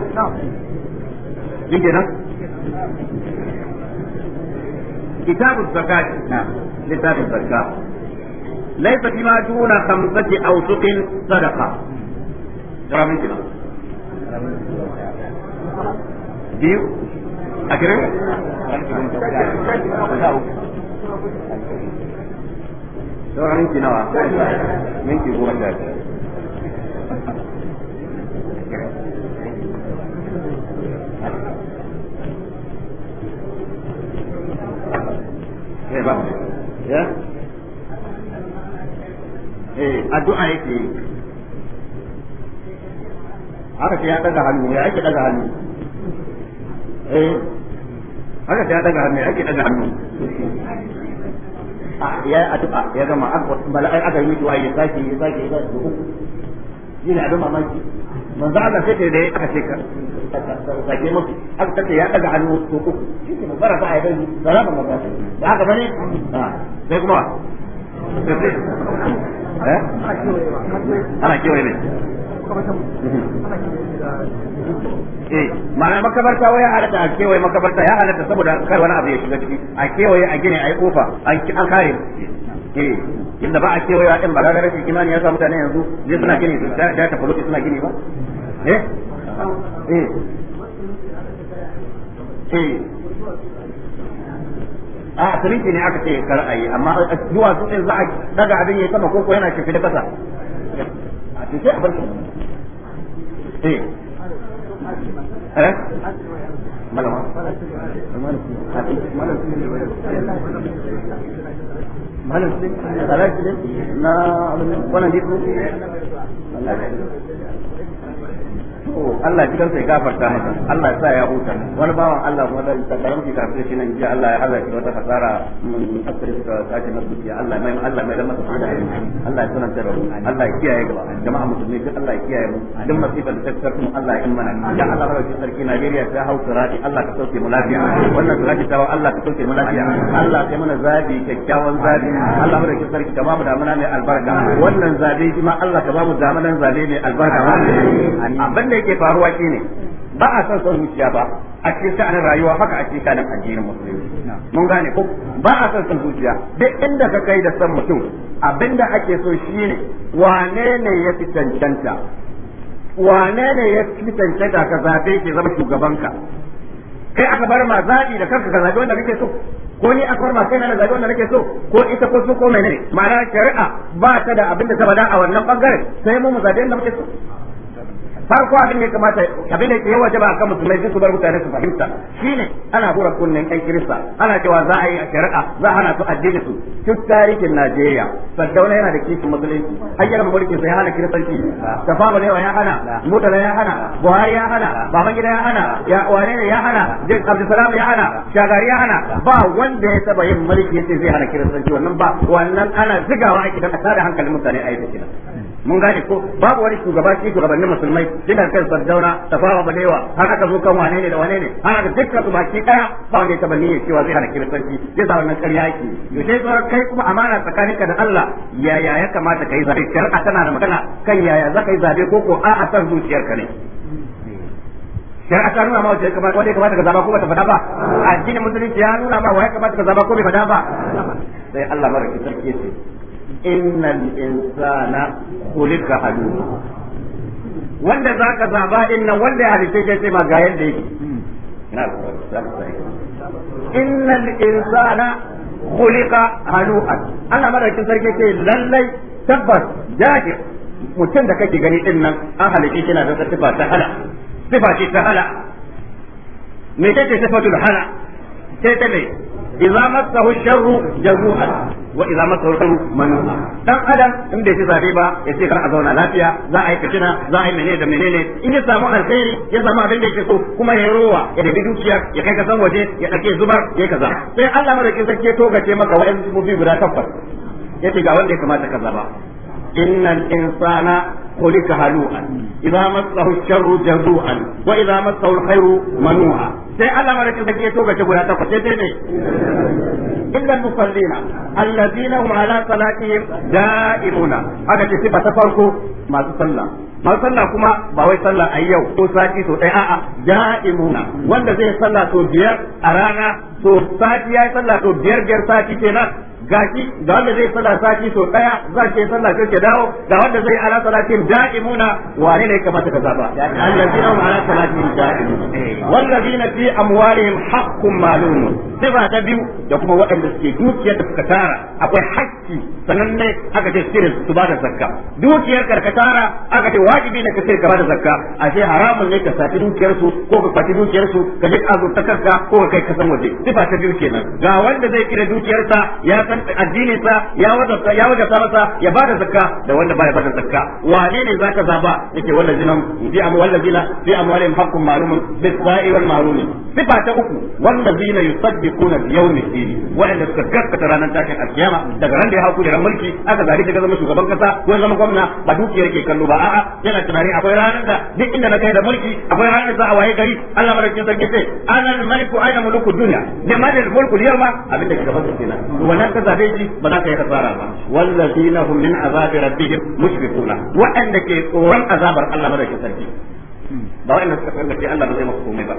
shi kenan كتاب الزكاة كتاب الزكاة ليس فيما دون خمسة أوسق صدقة جرامين كده biyu ashirin sauran minti nawa minti goma sha Eh ba, ya? Eh, addu'a yake yi. Haka sai ya ɗaga hannu, ya ake ɗaga hannu. Eh, haka sai ya daga hannu ake daga hannu ah, ya addu'a ah, ya gama bala'i aka yi wa ya sake ya sake ya sake uku shi ne abin mamaki manzo Allah sai da ya aka ka sake mafi aka tace ya daga hannu to uku shi ne mubaraka a yau da raba mabata da haka bane ah, sai kuma eh? ana kewaye ne ma'ana eh, makabarta wai halatta a kewaye makabarta ya halatta saboda kar wani abu ya shiga ciki a kewaye a gine a yi kofa an kare eh inda ba a kewaye din ba ga rashin imani ya sa mutane yanzu ne suna gini da ta fulo suna gini ba eh eh eh a asali ne aka ce kar ayi amma zuwa sun za a daga abin ya sama ko ko yana shafi da kasa to sai a eh eh malama na Allah ya kansa ya gafarta masa Allah ya sa ya huta wani bawan Allah kuma da karam ki kafin shi nan jiya Allah ya haza ki wata kasara mun asiri sake na dukiya Allah mai Allah mai lamar sa da Allah ya sanar da Allah ya kiyaye gaba jama'a musulmi duk Allah ya kiyaye mu duk masifar da ta mu Allah ya imana ya Allah ya sarki Najeriya ta hau surati Allah ka sauke mu lafiya wannan surati ta Allah ka sauke mu lafiya Allah ya mana zabi kyakkyawan zabi Allah ya sarki ka ba mu damana mai albarka wannan zabi ma Allah ka ba mu damanan zabi mai albarka abin da yake faruwa ne ba a son son zuciya ba a cikin sha'anin rayuwa haka a cikin sha'anin addinin musulmi mun gane ko ba a son son zuciya duk inda ka kai da son mutum abinda ake so shine wane ne ya fi cancanta wane ne ya fi cancanta ka zabe ke zama shugabanka kai aka bar ma zaɓi da kanka ka zaɓi wanda kake so ko ni aka bar ma kai na zaɓi wanda nake so ko ita ko su ko menene ma'ana shari'a ba ta da abinda ta bada a wannan bangaren sai mu mu zaɓi wanda muke so farko abin da kamata abin da ya wajaba akan musulmai sun su bar mutane su fahimta shine ana hura kunnen ɗan kirista ana cewa za a yi a shari'a za a su addini su duk tarihin Najeriya Sardauna yana da kishin musulunci ayyar mulkin ya hana kiristanci fama ne ya hana mutala ya hana Buhari ya hana baban gida ya hana ya wane ya hana Jin Abdulsalam ya hana Shagari ya hana ba wanda ya taba yin mulki yace zai hana kiristanci wannan ba wannan ana zigawa a kidan da hankalin mutane a yi da mun gane ko babu wani shugaba shi shugabannin musulmai kina kan sardauna tafawa balewa har aka zo kan wane ne da wane ne har aka dukkan su baki daya ba wanda ya taba niyyar cewa zai hana kiristanci ya sa wannan karya yake to sai zo kai kuma amana tsakaninka da Allah yaya ya kamata kai zabe a tana da magana kan yaya za ka yi zabe ko ko a'a san zuciyarka ne shari'a ta nuna ma wace kamata wanda ya kamata ka zaba ko bata faɗa ba addinin musulunci ya nuna ma wa ya kamata ka zaba ko bai faɗa ba sai Allah mara sarki sai Inna innal insana khuliqa haluwa wanda zaka zaba din nan wanda ya halice kai sai ma ga yadda yake ina innal insana khuliqa haluwa Allah madaukin sarki ce lallai tabbas jaji, mutum da kake gani din nan an halice shi na da sifa ta hala sifa ce ta hala me kake sifatul hala sai ta me idza massahu sharru jazu'an wa idza massahu sharru manu'a dan adam in bai ci zabe ba ya ce kar a zauna lafiya za a yi fitina za a yi menene da menene in ya samu alheri ya samu abin da yake so kuma ya rowa ya dabi dukiya ya kai kasan waje ya dake zuba ya kaza sai Allah madaukin sarki ya togace maka wa'in bi guda takwas yace ga wanda ya kamata ka zaba إن الإنسان خلق هلوعا إذا مسه الشر جزوعا وإذا مسه الخير منوعا sai Allah marakin da ke toga guda ta kwace dai ne illa musallina allazina hum ala salatihim da'imuna haka ce sifa ta farko masu sallah masu sallah kuma ba sallah a yau ko sati so ɗaya da'imuna wanda zai sallah so biyar a rana so ya sallah biyar biyar sati kenan gashi ga wanda zai sallah sati to daya za ke sallah sai ke dawo ga wanda zai ala salatin da'imuna wane ne kamata ka zaba allazina hum ala salatin da'imun eh. wallazina fi amwalihim haqqun ma'lum sifa ta biyu da kuma waɗanda suke dukiyar da suka tara akwai hakki sanan ne aka ce sirrin su ba da zakka dukiyar karkatara aka ce wajibi ne ka sai ka ba da zakka ashe haramun ne ka sati dukiyar su ko ka fati dukiyar su ka je azurta kanka ko ka kai waje sifa ta biyu kenan ga wanda zai kira dukiyarsa ya san addinin sa ya wajabta ya ya bada zakka da wanda baya bada zakka wane ne zaka zaba yake wannan jinan bi amma wannan zila bi amma wannan hakkun bi sa'i wal sifa ta uku wanda zina yusaddiquna bi yawmi din wa'anda suka gaskata ranar takin alkiyama daga ran da ya haku da mulki aka zari ka zama shugaban kasa ko zama gwamna ba dukiyar ke kallo ba a'a yana tunani akwai ranar da duk inda na kai da mulki akwai ranar da a waye gari Allah madaukakin sarki sai anan maliku aina muluku dunya jama'al mulku yawma abinda ke gaban kenan wannan same shi ba za ka yi kasara ba na hum min azabi rabbihim mushfiquna wa'anda ke tsoron azabar Allah madaukakin sarki ba wa'anda suka tsarkake Allah ba zai maka komai ba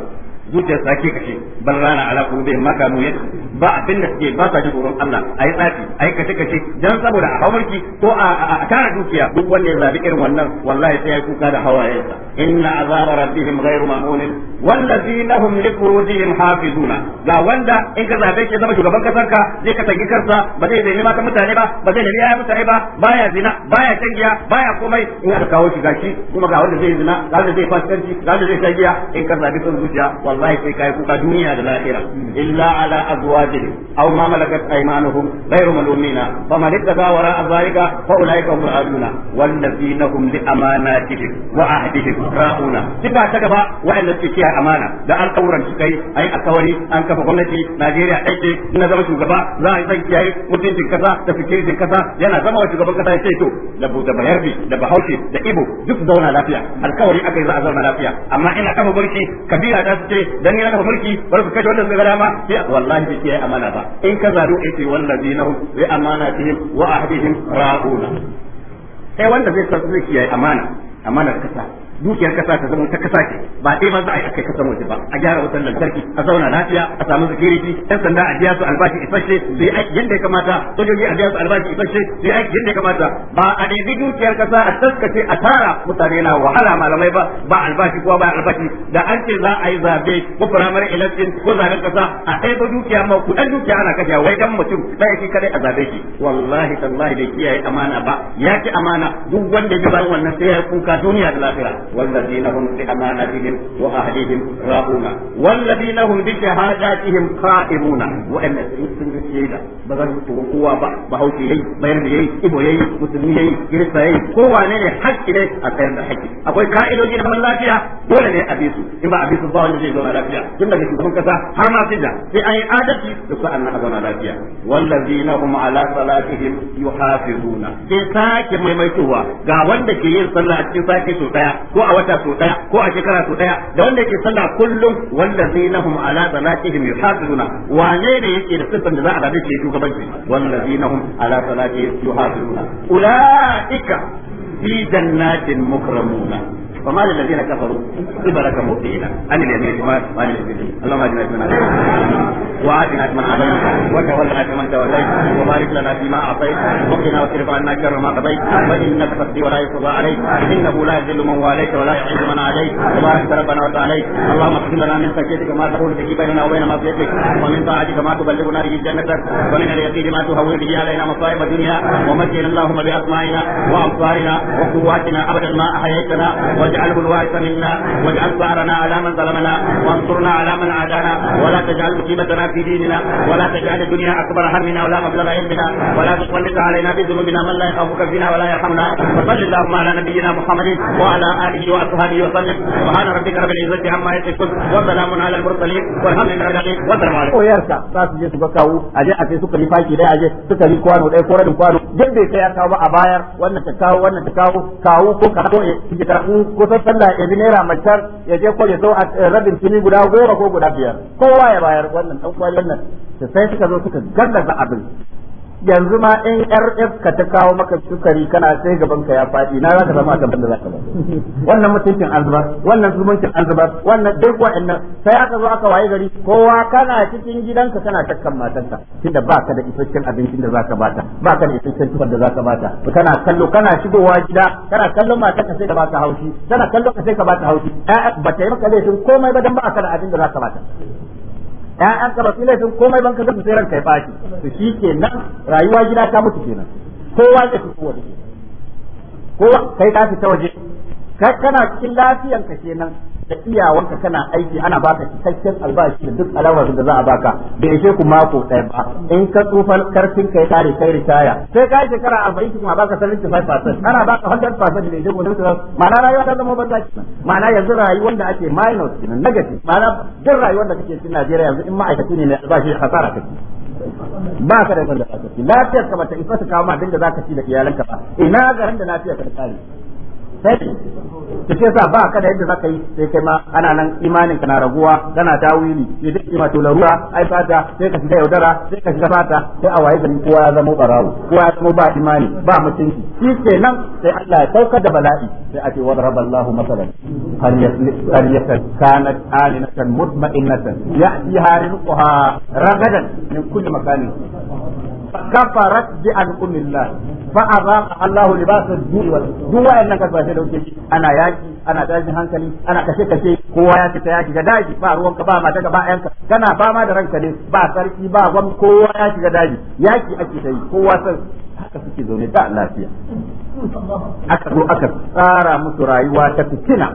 zuciyar sake kashe bal rana ala bai ma kanu yadda ba abin da suke ba sa ji tsoron Allah ayi tsafi ayi kace kace dan saboda a hawarki ko a tara dukiya duk wanda ya zabi irin wannan wallahi sai ya kuka da hawayensa inna azaba rabbihim ghayru mamun wallazina hum liqurudihim hafizuna ga wanda in ka zabe shi zama shugaban kasar ka zai ka tagi karsa ba zai nemi mata mutane ba ba zai nemi yaya mutane ba baya zina baya tangiya baya komai in aka kawo shi gashi kuma ga wanda zai zina ga wanda zai fasikanci ga wanda zai tangiya in ka zabi son zuciya wallahi sai kai kuka duniya da lahira illa ala azwajihim aw ma malakat aymanuhum ghayru malumina faman ittaqa wara zalika fa ulaika hum aduna wal ladina hum li amanatihim wa ahdihim ra'una sifa ta gaba wa'anda suke kiyaye amana da alƙawuran su kai ai akawari an kafa gwamnati Najeriya aiki na zama shugaba za a yi san kiyaye mutuncin kasa da fikirin kasa yana zama shugaban kasa ya ce to da bayarbi da bahaushe da ibo duk zauna lafiya alƙawari aka yi za a zauna lafiya amma ina kafa barki kabila ta ce dan ni na mulki bar ku kashe wannan gara ma sai wallahi bai kiyaye amana ba in ka zaru ai wallazi hum bi amanatihim wa ahdihim ra'una sai wanda zai san zai kiyaye amana amana kasa dukiyar kasa ta zama ta kasa ce ba dai ma za a yi akai kasan ba a gyara wutar lantarki a zauna lafiya a samu security yan sanda a biya su albashi isasshe su a aiki yadda ya kamata sojoji a biya su albashi isasshe su aiki yadda ya kamata ba a ɗaiɗi dukiyar kasa a taskace a tara mutane na wahala malamai ba ba albashi ko ba albashi da an ce za a yi zabe ko firamare election ko zaben kasa a ɗaya ba dukiya ma kuɗin dukiya ana kashe wai dan mutum ɗaya shi kadai a zabe shi wallahi tallahi bai kiyaye amana ba ya ki amana duk wanda ya ji wannan sai ya kuka duniya da lafiya والذين هم بأمانتهم وأهلهم راؤون والذين هم بشهاداتهم قائمون وأن سنجد شيئا بغير قوة بحوث يي بير يي إبو يي مسلمي يي كريسا يي قوة نيني حق إليه أتيرنا حق أقول كائلو جينا من لافيا ولا ني أبيسو إما أبيسو الظاهر جينا دون لافيا جمنا جينا دون كذا هرما سيدا في أي عادتي يقول أنها دون لافيا والذين هم على صلاتهم يحافظون كيساك ميميتوا ga wanda ke yin sallah a cikin sake su daya ko a wata so daya ko a shekara so daya da wanda yake sallah kullum wanda zai lahum ala salatihim yuhafizuna wane ne yake da sifan da za a rabe shi shugabanci wanda zai lahum ala salatihim yuhafizuna ulaika fi jannatin mukramuna فما للذين كفروا قبلك مؤمنين عن اليمين وما للمؤمنين اللهم اجعلنا من وآتنا من عافيت وتولنا من توليت وبارك لنا فيما أعطيت وقنا واصرف عنا شر ما قضيت فإنك تقضي ولا يقضى عليك إنه لا يذل من واليك ولا يعز من عليك تبارك ربنا وتعاليك اللهم اقسم لنا من خشيتك ما تقول به بيننا وبين معصيتك ومن طاعتك ما تبلغنا به جنتك ومن اليقين ما تهون به علينا مصائب الدنيا ومكن اللهم بأسمائنا وأبصارنا وقواتنا أبدا ما أحييتنا واجعله الوارث منا واجعل ثارنا على من ظلمنا وانصرنا على من عادانا ولا تجعل مصيبتنا في ديننا ولا تجعل الدنيا اكبر همنا ولا مبلغ علمنا ولا تسلط علينا بذنوبنا من لا يخافك فينا ولا يرحمنا وصل اللهم على نبينا محمد وعلى اله واصحابه وسلم سبحان ربك رب العزه عما يصفون وسلام على المرسلين والحمد لله رب العالمين والسلام عليكم. ويرسى za su je su ga kawo a je a sai suka yi faki dai a je suka yi kwano dai ko rabin kwano duk bai sai ya kawo ba a bayar wannan ta kawo wannan ta kawo kawo ko ka ko ya kike karatu ta sallah ya bi naira matar ya je kwale sau a eh, rabin fili guda goma ko guda biyar kowa ya bayar wannan dan kwali nan sai suka zo suka gallaza abin yanzu ma in rf ka ta kawo maka sukari kana sai gaban ka ya faɗi na za ka zama gaban da za ka wannan mutuncin an wannan zumuncin an wannan duk wa'annan sai aka zo aka waye gari kowa kana cikin gidanka kana takkan matanka tunda ba ka da isasshen abincin da za ka bata ba ka da isasshen tufar da za ka bata kana kallo kana shigowa gida kana kallon ka sai ka bata haushi kana kallo ka sai ka bata haushi ba ta yi maka laifin komai ba dan ba ka da abin da za ka bata ya an kaba laifin komai ban ka zai sai ranka ya baki to shi kenan rayuwa gida ta mutu kenan kowa zai fito waje kowa kai ka fita waje kai kana cikin lafiyar ka kenan da iyawanka kana aiki ana baka cikakken albashi da duk alawar da za a baka da ishe ku mako ɗaya ba in ka tsufa karfin kai tare kai ritaya sai ka shekara arba'in kuma baka sanin ta fasan ana baka hundred fasan da ishe ku ma'ana rayuwa ta zama banza ki ma'ana yanzu rayuwar da ake minus kenan negative ma'ana duk rayuwar da kake cikin Najeriya yanzu in ma'aikaci ne mai albashi hasara kake ba ka da wanda ka ci lafiyar ka bata isa ta kawo ma dinga ka ci da iyalanka ba ina garin da lafiyar ka ta kare sai da shi ba ka da yadda zaka yi sai kai ma ana nan imanin ka na raguwa kana tawili sai duk ima to larura ai fata sai ka shiga yaudara sai ka shiga fata sai a waye gari kowa ya zama barawo kowa ya zama ba imani ba mutunci shi ke nan sai Allah ya saukar da bala'i sai a ce wa raballahu masalan qaryatan kanat alinatan mutma'innatan ya'tiha rizquha ragadan min kulli makanin kafarat bi al'ummillah fa azaqa Allahu libasa al-ju'i wal duk wayannan kasashe da wuce ana yaki ana tashin hankali ana kashe kashe kowa ya fita yaki ga daji ba ruwan ka ba mata ka ba ayanka kana fama da ranka ne ba sarki ba gwam kowa ya shiga daji yaki ake ta yi kowa san haka suke zaune da lafiya aka zo aka tsara musu rayuwa ta fitina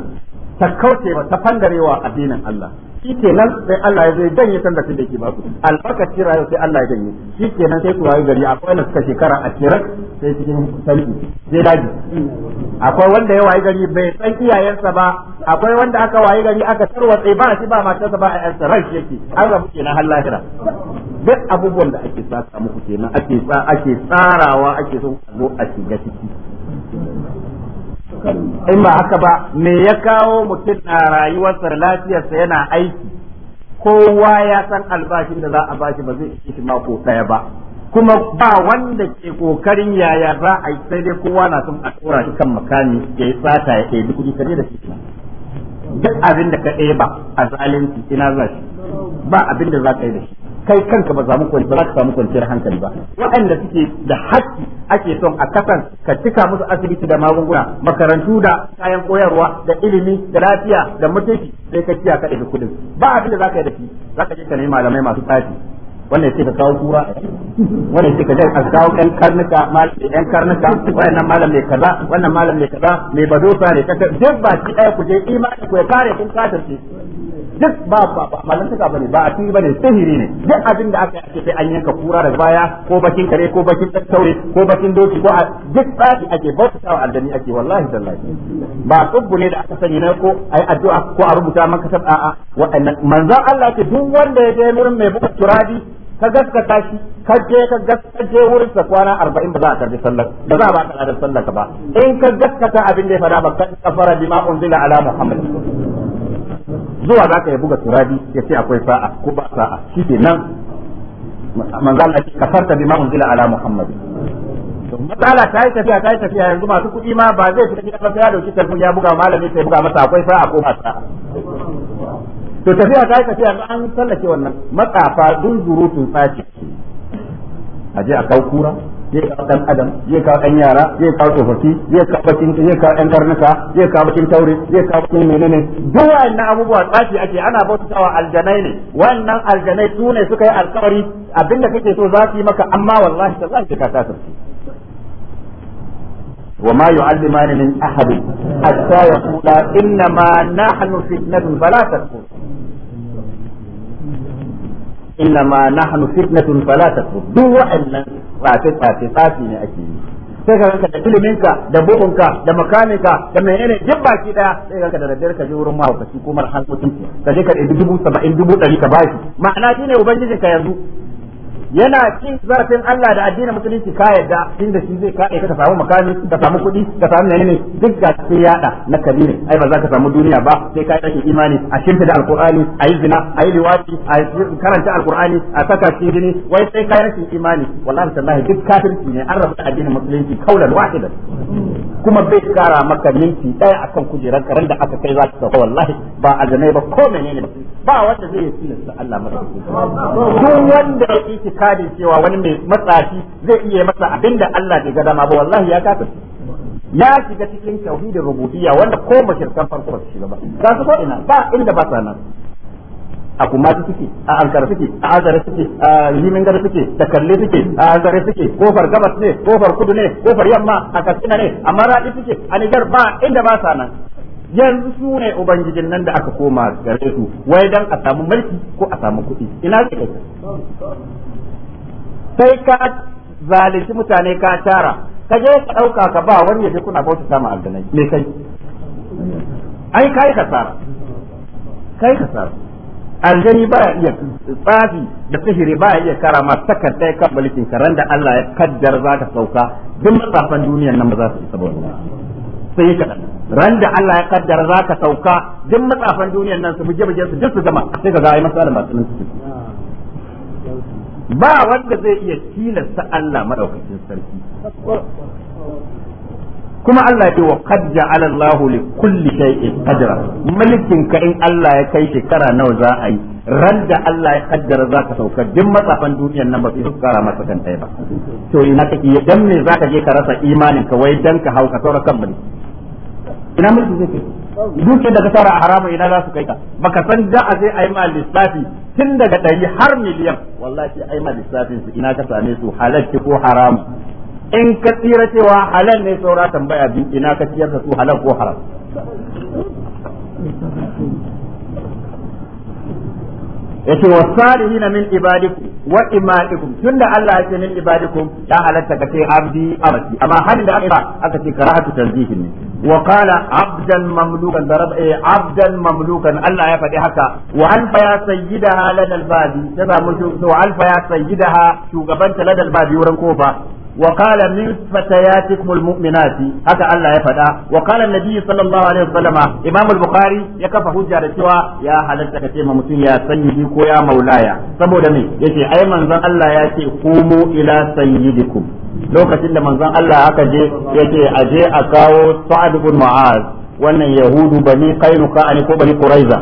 ta kauce ba ta fangarewa addinin Allah kenan sai Allah ya zai danye san da ke ba su albarkaci rayu sai Allah ya danye kenan sai ku rayu gari akwai wanda suka shekara a kiran sai cikin sarki zai daji akwai wanda ya wayi gari bai san iyayensa ba akwai wanda aka wayi gari aka sai ba shi ba matarsa ba a yarsa ran shi yake an rabu kenan har lahira duk abubuwan da ake sa muku kenan ake sa ake tsarawa ake zo a shiga ciki in ba haka ba me ya kawo mutum na rayuwarsa da lafiyarsa yana aiki kowa ya san albashin da za a bashi ba zai ishi ko daya ba kuma ba wanda ke kokarin yaya za a yi sai dai kowa na son a tsora shi kan makami ya yi tsata ya ɗebi kudi kaje da shi duk abin da ka ɗaya ba a zalunci ina za shi ba abin da za ka yi da shi kai kanka ba za mu kwanciyar ba samu kwanciyar hankali ba waɗanda suke da haƙƙi ake son a kasan ka cika musu asibiti da magunguna makarantu da kayan koyarwa da ilimi da lafiya da mutunci sai ka kiya ka ɗaga kuɗin ba abin da zaka yi da shi zaka je ka nemi malamai masu tsafi wannan sai ka kawo kura wannan sai ka je kawo ɗan karnuka ɗan karnuka wannan malam mai kaza wannan malam mai kaza mai badosa ne ka duk ba ki ɗaya ku je imani ku ya kare kun kafirce duk ba ba ta bane ba a cikin bane sihiri ne duk abin da aka yi sai an yanka kura da baya ko bakin kare ko bakin tattaure ko bakin doki ko duk tsaki ake bautawa aljani ake wallahi tallahi ba tsubbu ne da aka sani na ko ai addu'a ko a rubuta maka a a'a waɗannan manzon Allah ke duk wanda ya je wurin mai buka turadi ka gaskata shi ka je ka je wurin sa kwana 40 ba za a karbi sallar ba za a ba ka sallar ka ba in ka gaskata abin da ya fada ba ka fara bima unzila ala muhammad zuwa za ka ya buga turabi ya ce akwai sa'a ko ba sa'a shi ke nan manzo Allah ka bi ma'un unzila ala Muhammadu. matsala ta yi tafiya ta yi tafiya yanzu masu kuɗi ma ba zai fita gidan ba sai ya dauki ya buga malami sai buga masa akwai sa'a ko ba sa'a to tafiya ta yi tafiya an tsallake wannan matsafa dun zurutun tsaci a je a kau kura zai kawo dan adam zai kawo ɗan yara zai kawo tsofaffi zai kawo bakin zai kawo karnuka zai kawo bakin taure zai kawo bakin menene duk wannan abubuwa tsafi ake ana wa aljanai ne wannan aljanai su ne suka yi alkawari abinda kake so za su yi maka amma wallahi tallahi ka tasirci وما يعلمان من أحد حتى يقولا إنما نحن فتنة فلا تكفر innama nahnu fitnatun fala takfur duk wa'annan tsafe tsafe tsafi ne ake yi sai ka ranka da iliminka da bugunka da makanika da menene ne baki daya sai ka da rabbiyar ka je wurin mahaukaci ko marhan mutum ka je ka ɗebi dubu saba'in dubu ɗari ka bashi ma'ana shi ne ka yanzu yana cin zarafin Allah da addinin musulunci ka yadda inda shi zai ka ka samu makami ka samu kuɗi ka samu ne ne duk ga sai yada na kabiri ai ba za ka samu duniya ba sai ka yi imani a shimfi da alqur'ani a yi zina a yi liwafi a karanta alkur'ani a saka shi jini wai sai ka yi imani wallahi tallahi duk kafirci ne an rabu da addinin musulunci kaulan wahidan kuma bai kara maka minti ɗaya akan kujerar karen da aka kai za ka wallahi ba a ba ko menene ba ba wanda zai su Allah madaukakin duk wanda ya yi kadin cewa wani mai matsafi zai iya masa abinda Allah ke ga dama ba wallahi ya kafa ya shiga cikin tauhidin rububiyya wanda ko mashirkan farko ba su shiga ba ga su ko ina ba inda ba sa nan a kuma suke a ankara suke a azare suke a limin gada suke da kalle suke a azare suke kofar gabas ne kofar kudu ne kofar yamma a katsina ne amma raɗi suke a nijar ba inda ba sa nan yanzu su ne ubangijin nan da aka koma gare su wai dan a samu mulki ko a samu kuɗi ina su kai sai ka zalunci mutane ka tara ka je ka ɗauka ka ba wani yaje kuna bauta sama aljanai me kai ai kai kasara kai kasara aljani baya iya tsafi da sihiri baya iya kara ma sakar ɗaya kan mulkin karan da Allah ya kaddar za ta sauka duk matsafan duniyan nan ba za su isa ba sai ka ran da Allah ya kaddara za ka sauka duk matsafan duniyar nan su buje buje su duk su gama sai ka ga ai masu alim masu su ba wanda zai iya tilasta Allah madaukakin sarki kuma Allah ya ce wa kadda alallahu Allah li kulli shay'in qadra malikin ka in Allah ya kai shekara nawa za a yi ran da Allah ya kaddara za ka sauka duk matsafan duniyar nan ba su kara masa kan ba to ina kake dan me za ka je ka rasa imanin ka wai dan ka hauka saura kan mulki ina mulki zai kai duke da ka tara a harama ina za su kai ka baka san da a sai ayi ma lissafi tun daga ɗari har miliyan wallahi ayi ma lissafin su ina ka same su halalci ko haramu in ka tsira cewa halal ne saura tambaya biyu ina ka ciyar da su halal ko haram yace wasalihina min ibadiku. wa imaikum tunda Allah ya ce min ibadikum ya halatta ka ce abdi amati amma halin da aka aka ce karahatu tanzihin ne wa qala abdan mamlukan darab eh abdan mamlukan Allah ya faɗi haka wa alfa ya sayyidaha ladal badi ta samu to alfa ya sayyidaha shugaban ladal badi wurin kofa وقال من فتياتكم المؤمنات هكا الله يفدا وقال النبي صلى الله عليه وسلم امام البخاري ya kafa hujja da cewa ya halatta ka ce ma mutum ya sanyi ko ya maulaya saboda me yace ai manzon Allah ya ce komo ila sayyidikum lokacin da manzon Allah haka je yace aje a kawo Sa'ad ibn Mu'az wannan yahudu bani qainuqa ne ko bani quraiza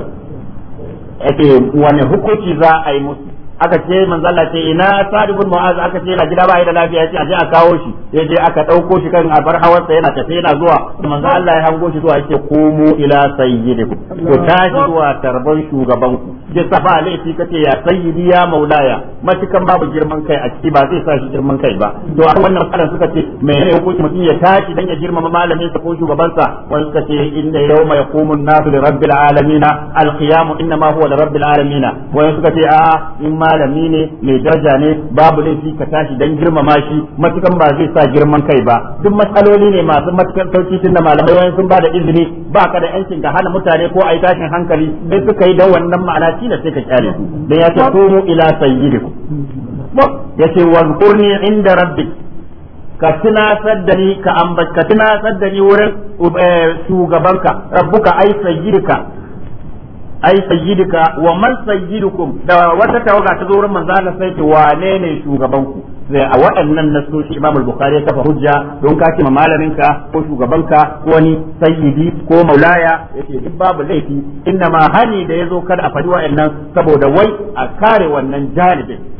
yace wani hukunci za a yi musu aka ce manzo Allah ce ina Sa'd ibn Mu'az aka ce yana gida bai da lafiya yace aje a kawo shi yaje aka dauko shi kan abar hawar sa yana tafe yana zuwa manzo Allah ya hango shi zuwa yace komo ila sayyidikum ku tashi zuwa tarban shugaban ku je safa laifi kace ya sayyidi ya maulaya matukan babu girman kai a ciki ba zai sa shi girman kai ba to a wannan karan suka ce me ne hukunci mutum ya tashi dan ya girmama malamin sa ko shugaban sa wani suka ce inna yawma yaqumu an-nasu li rabbil alamin al-qiyam inma huwa li rabbil alamin wani suka ce a in ma malami ne mai daraja ne babu laifi ka tashi dan girmama shi matukan ba zai sa girman kai ba duk matsaloli ne masu matukan sauki tun da malamai wani sun bada izini ba ka da yancin ka hana mutane ko a yi tashin hankali sai suka yi da wannan ma'ana shi da sai ka kyale su dan ya ce tumu ila ya ce wazkurni inda rabbi ka tunasar da ni ka ambata ka tunasar da ni wurin eh, shugabanka rabbuka ai sayyidika ai sayyidika wa man sayyidukum da wata tawaga ta zo wurin manzo Allah sai wane ne shugaban ku sai a waɗannan nasoshi Imam al-Bukhari ya kafa hujja don ka ce malaminka ko shugabanka ko wani sayyidi ko maulaya yake duk babu laifi inna ma hani da yazo kada a faɗi waɗannan saboda wai a kare wannan jalibin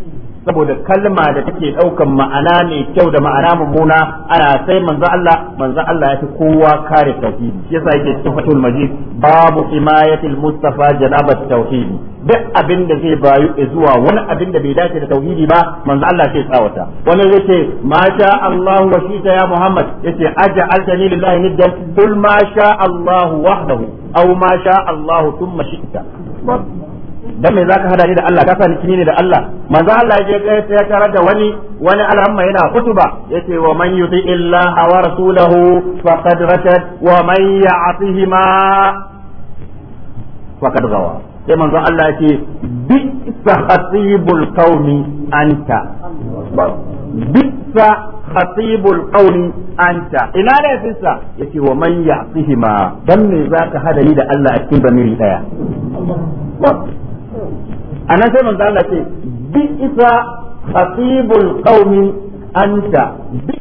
saboda kalma da take daukan ma'ana mai kyau da ma'ana mummuna ana sai manzo Allah manzo Allah ya fi kowa kare tauhidi shi yasa yake cikin fatul majid babu himayatil mustafa janabat tauhidi duk abin da zai bayu zuwa wani abin da bai dace da tauhidi ba manzo Allah sai tsawata wani zai ce ma sha Allah wa shi ya Muhammad yace aj'altani lillahi niddan kul ma sha Allah wahdahu aw ma sha Allah thumma shi'ta dan me zaka hada ni da Allah ka sani kini ne da Allah manzo Allah ya je sai ya tarar da wani wani al'amma yana kutuba yace wa man yuti illah wa rasulahu faqad rashad wa man ya'tihima faqad gawa sai manzo Allah yace bi sahatibul qaumi anta bi khatibul qawli anta ina ne fissa yace wa man ya'tihima dan me zaka hada ni da Allah a cikin bamiri daya anan sai manzo Allah ce bi isa khatibul qaumi anta bi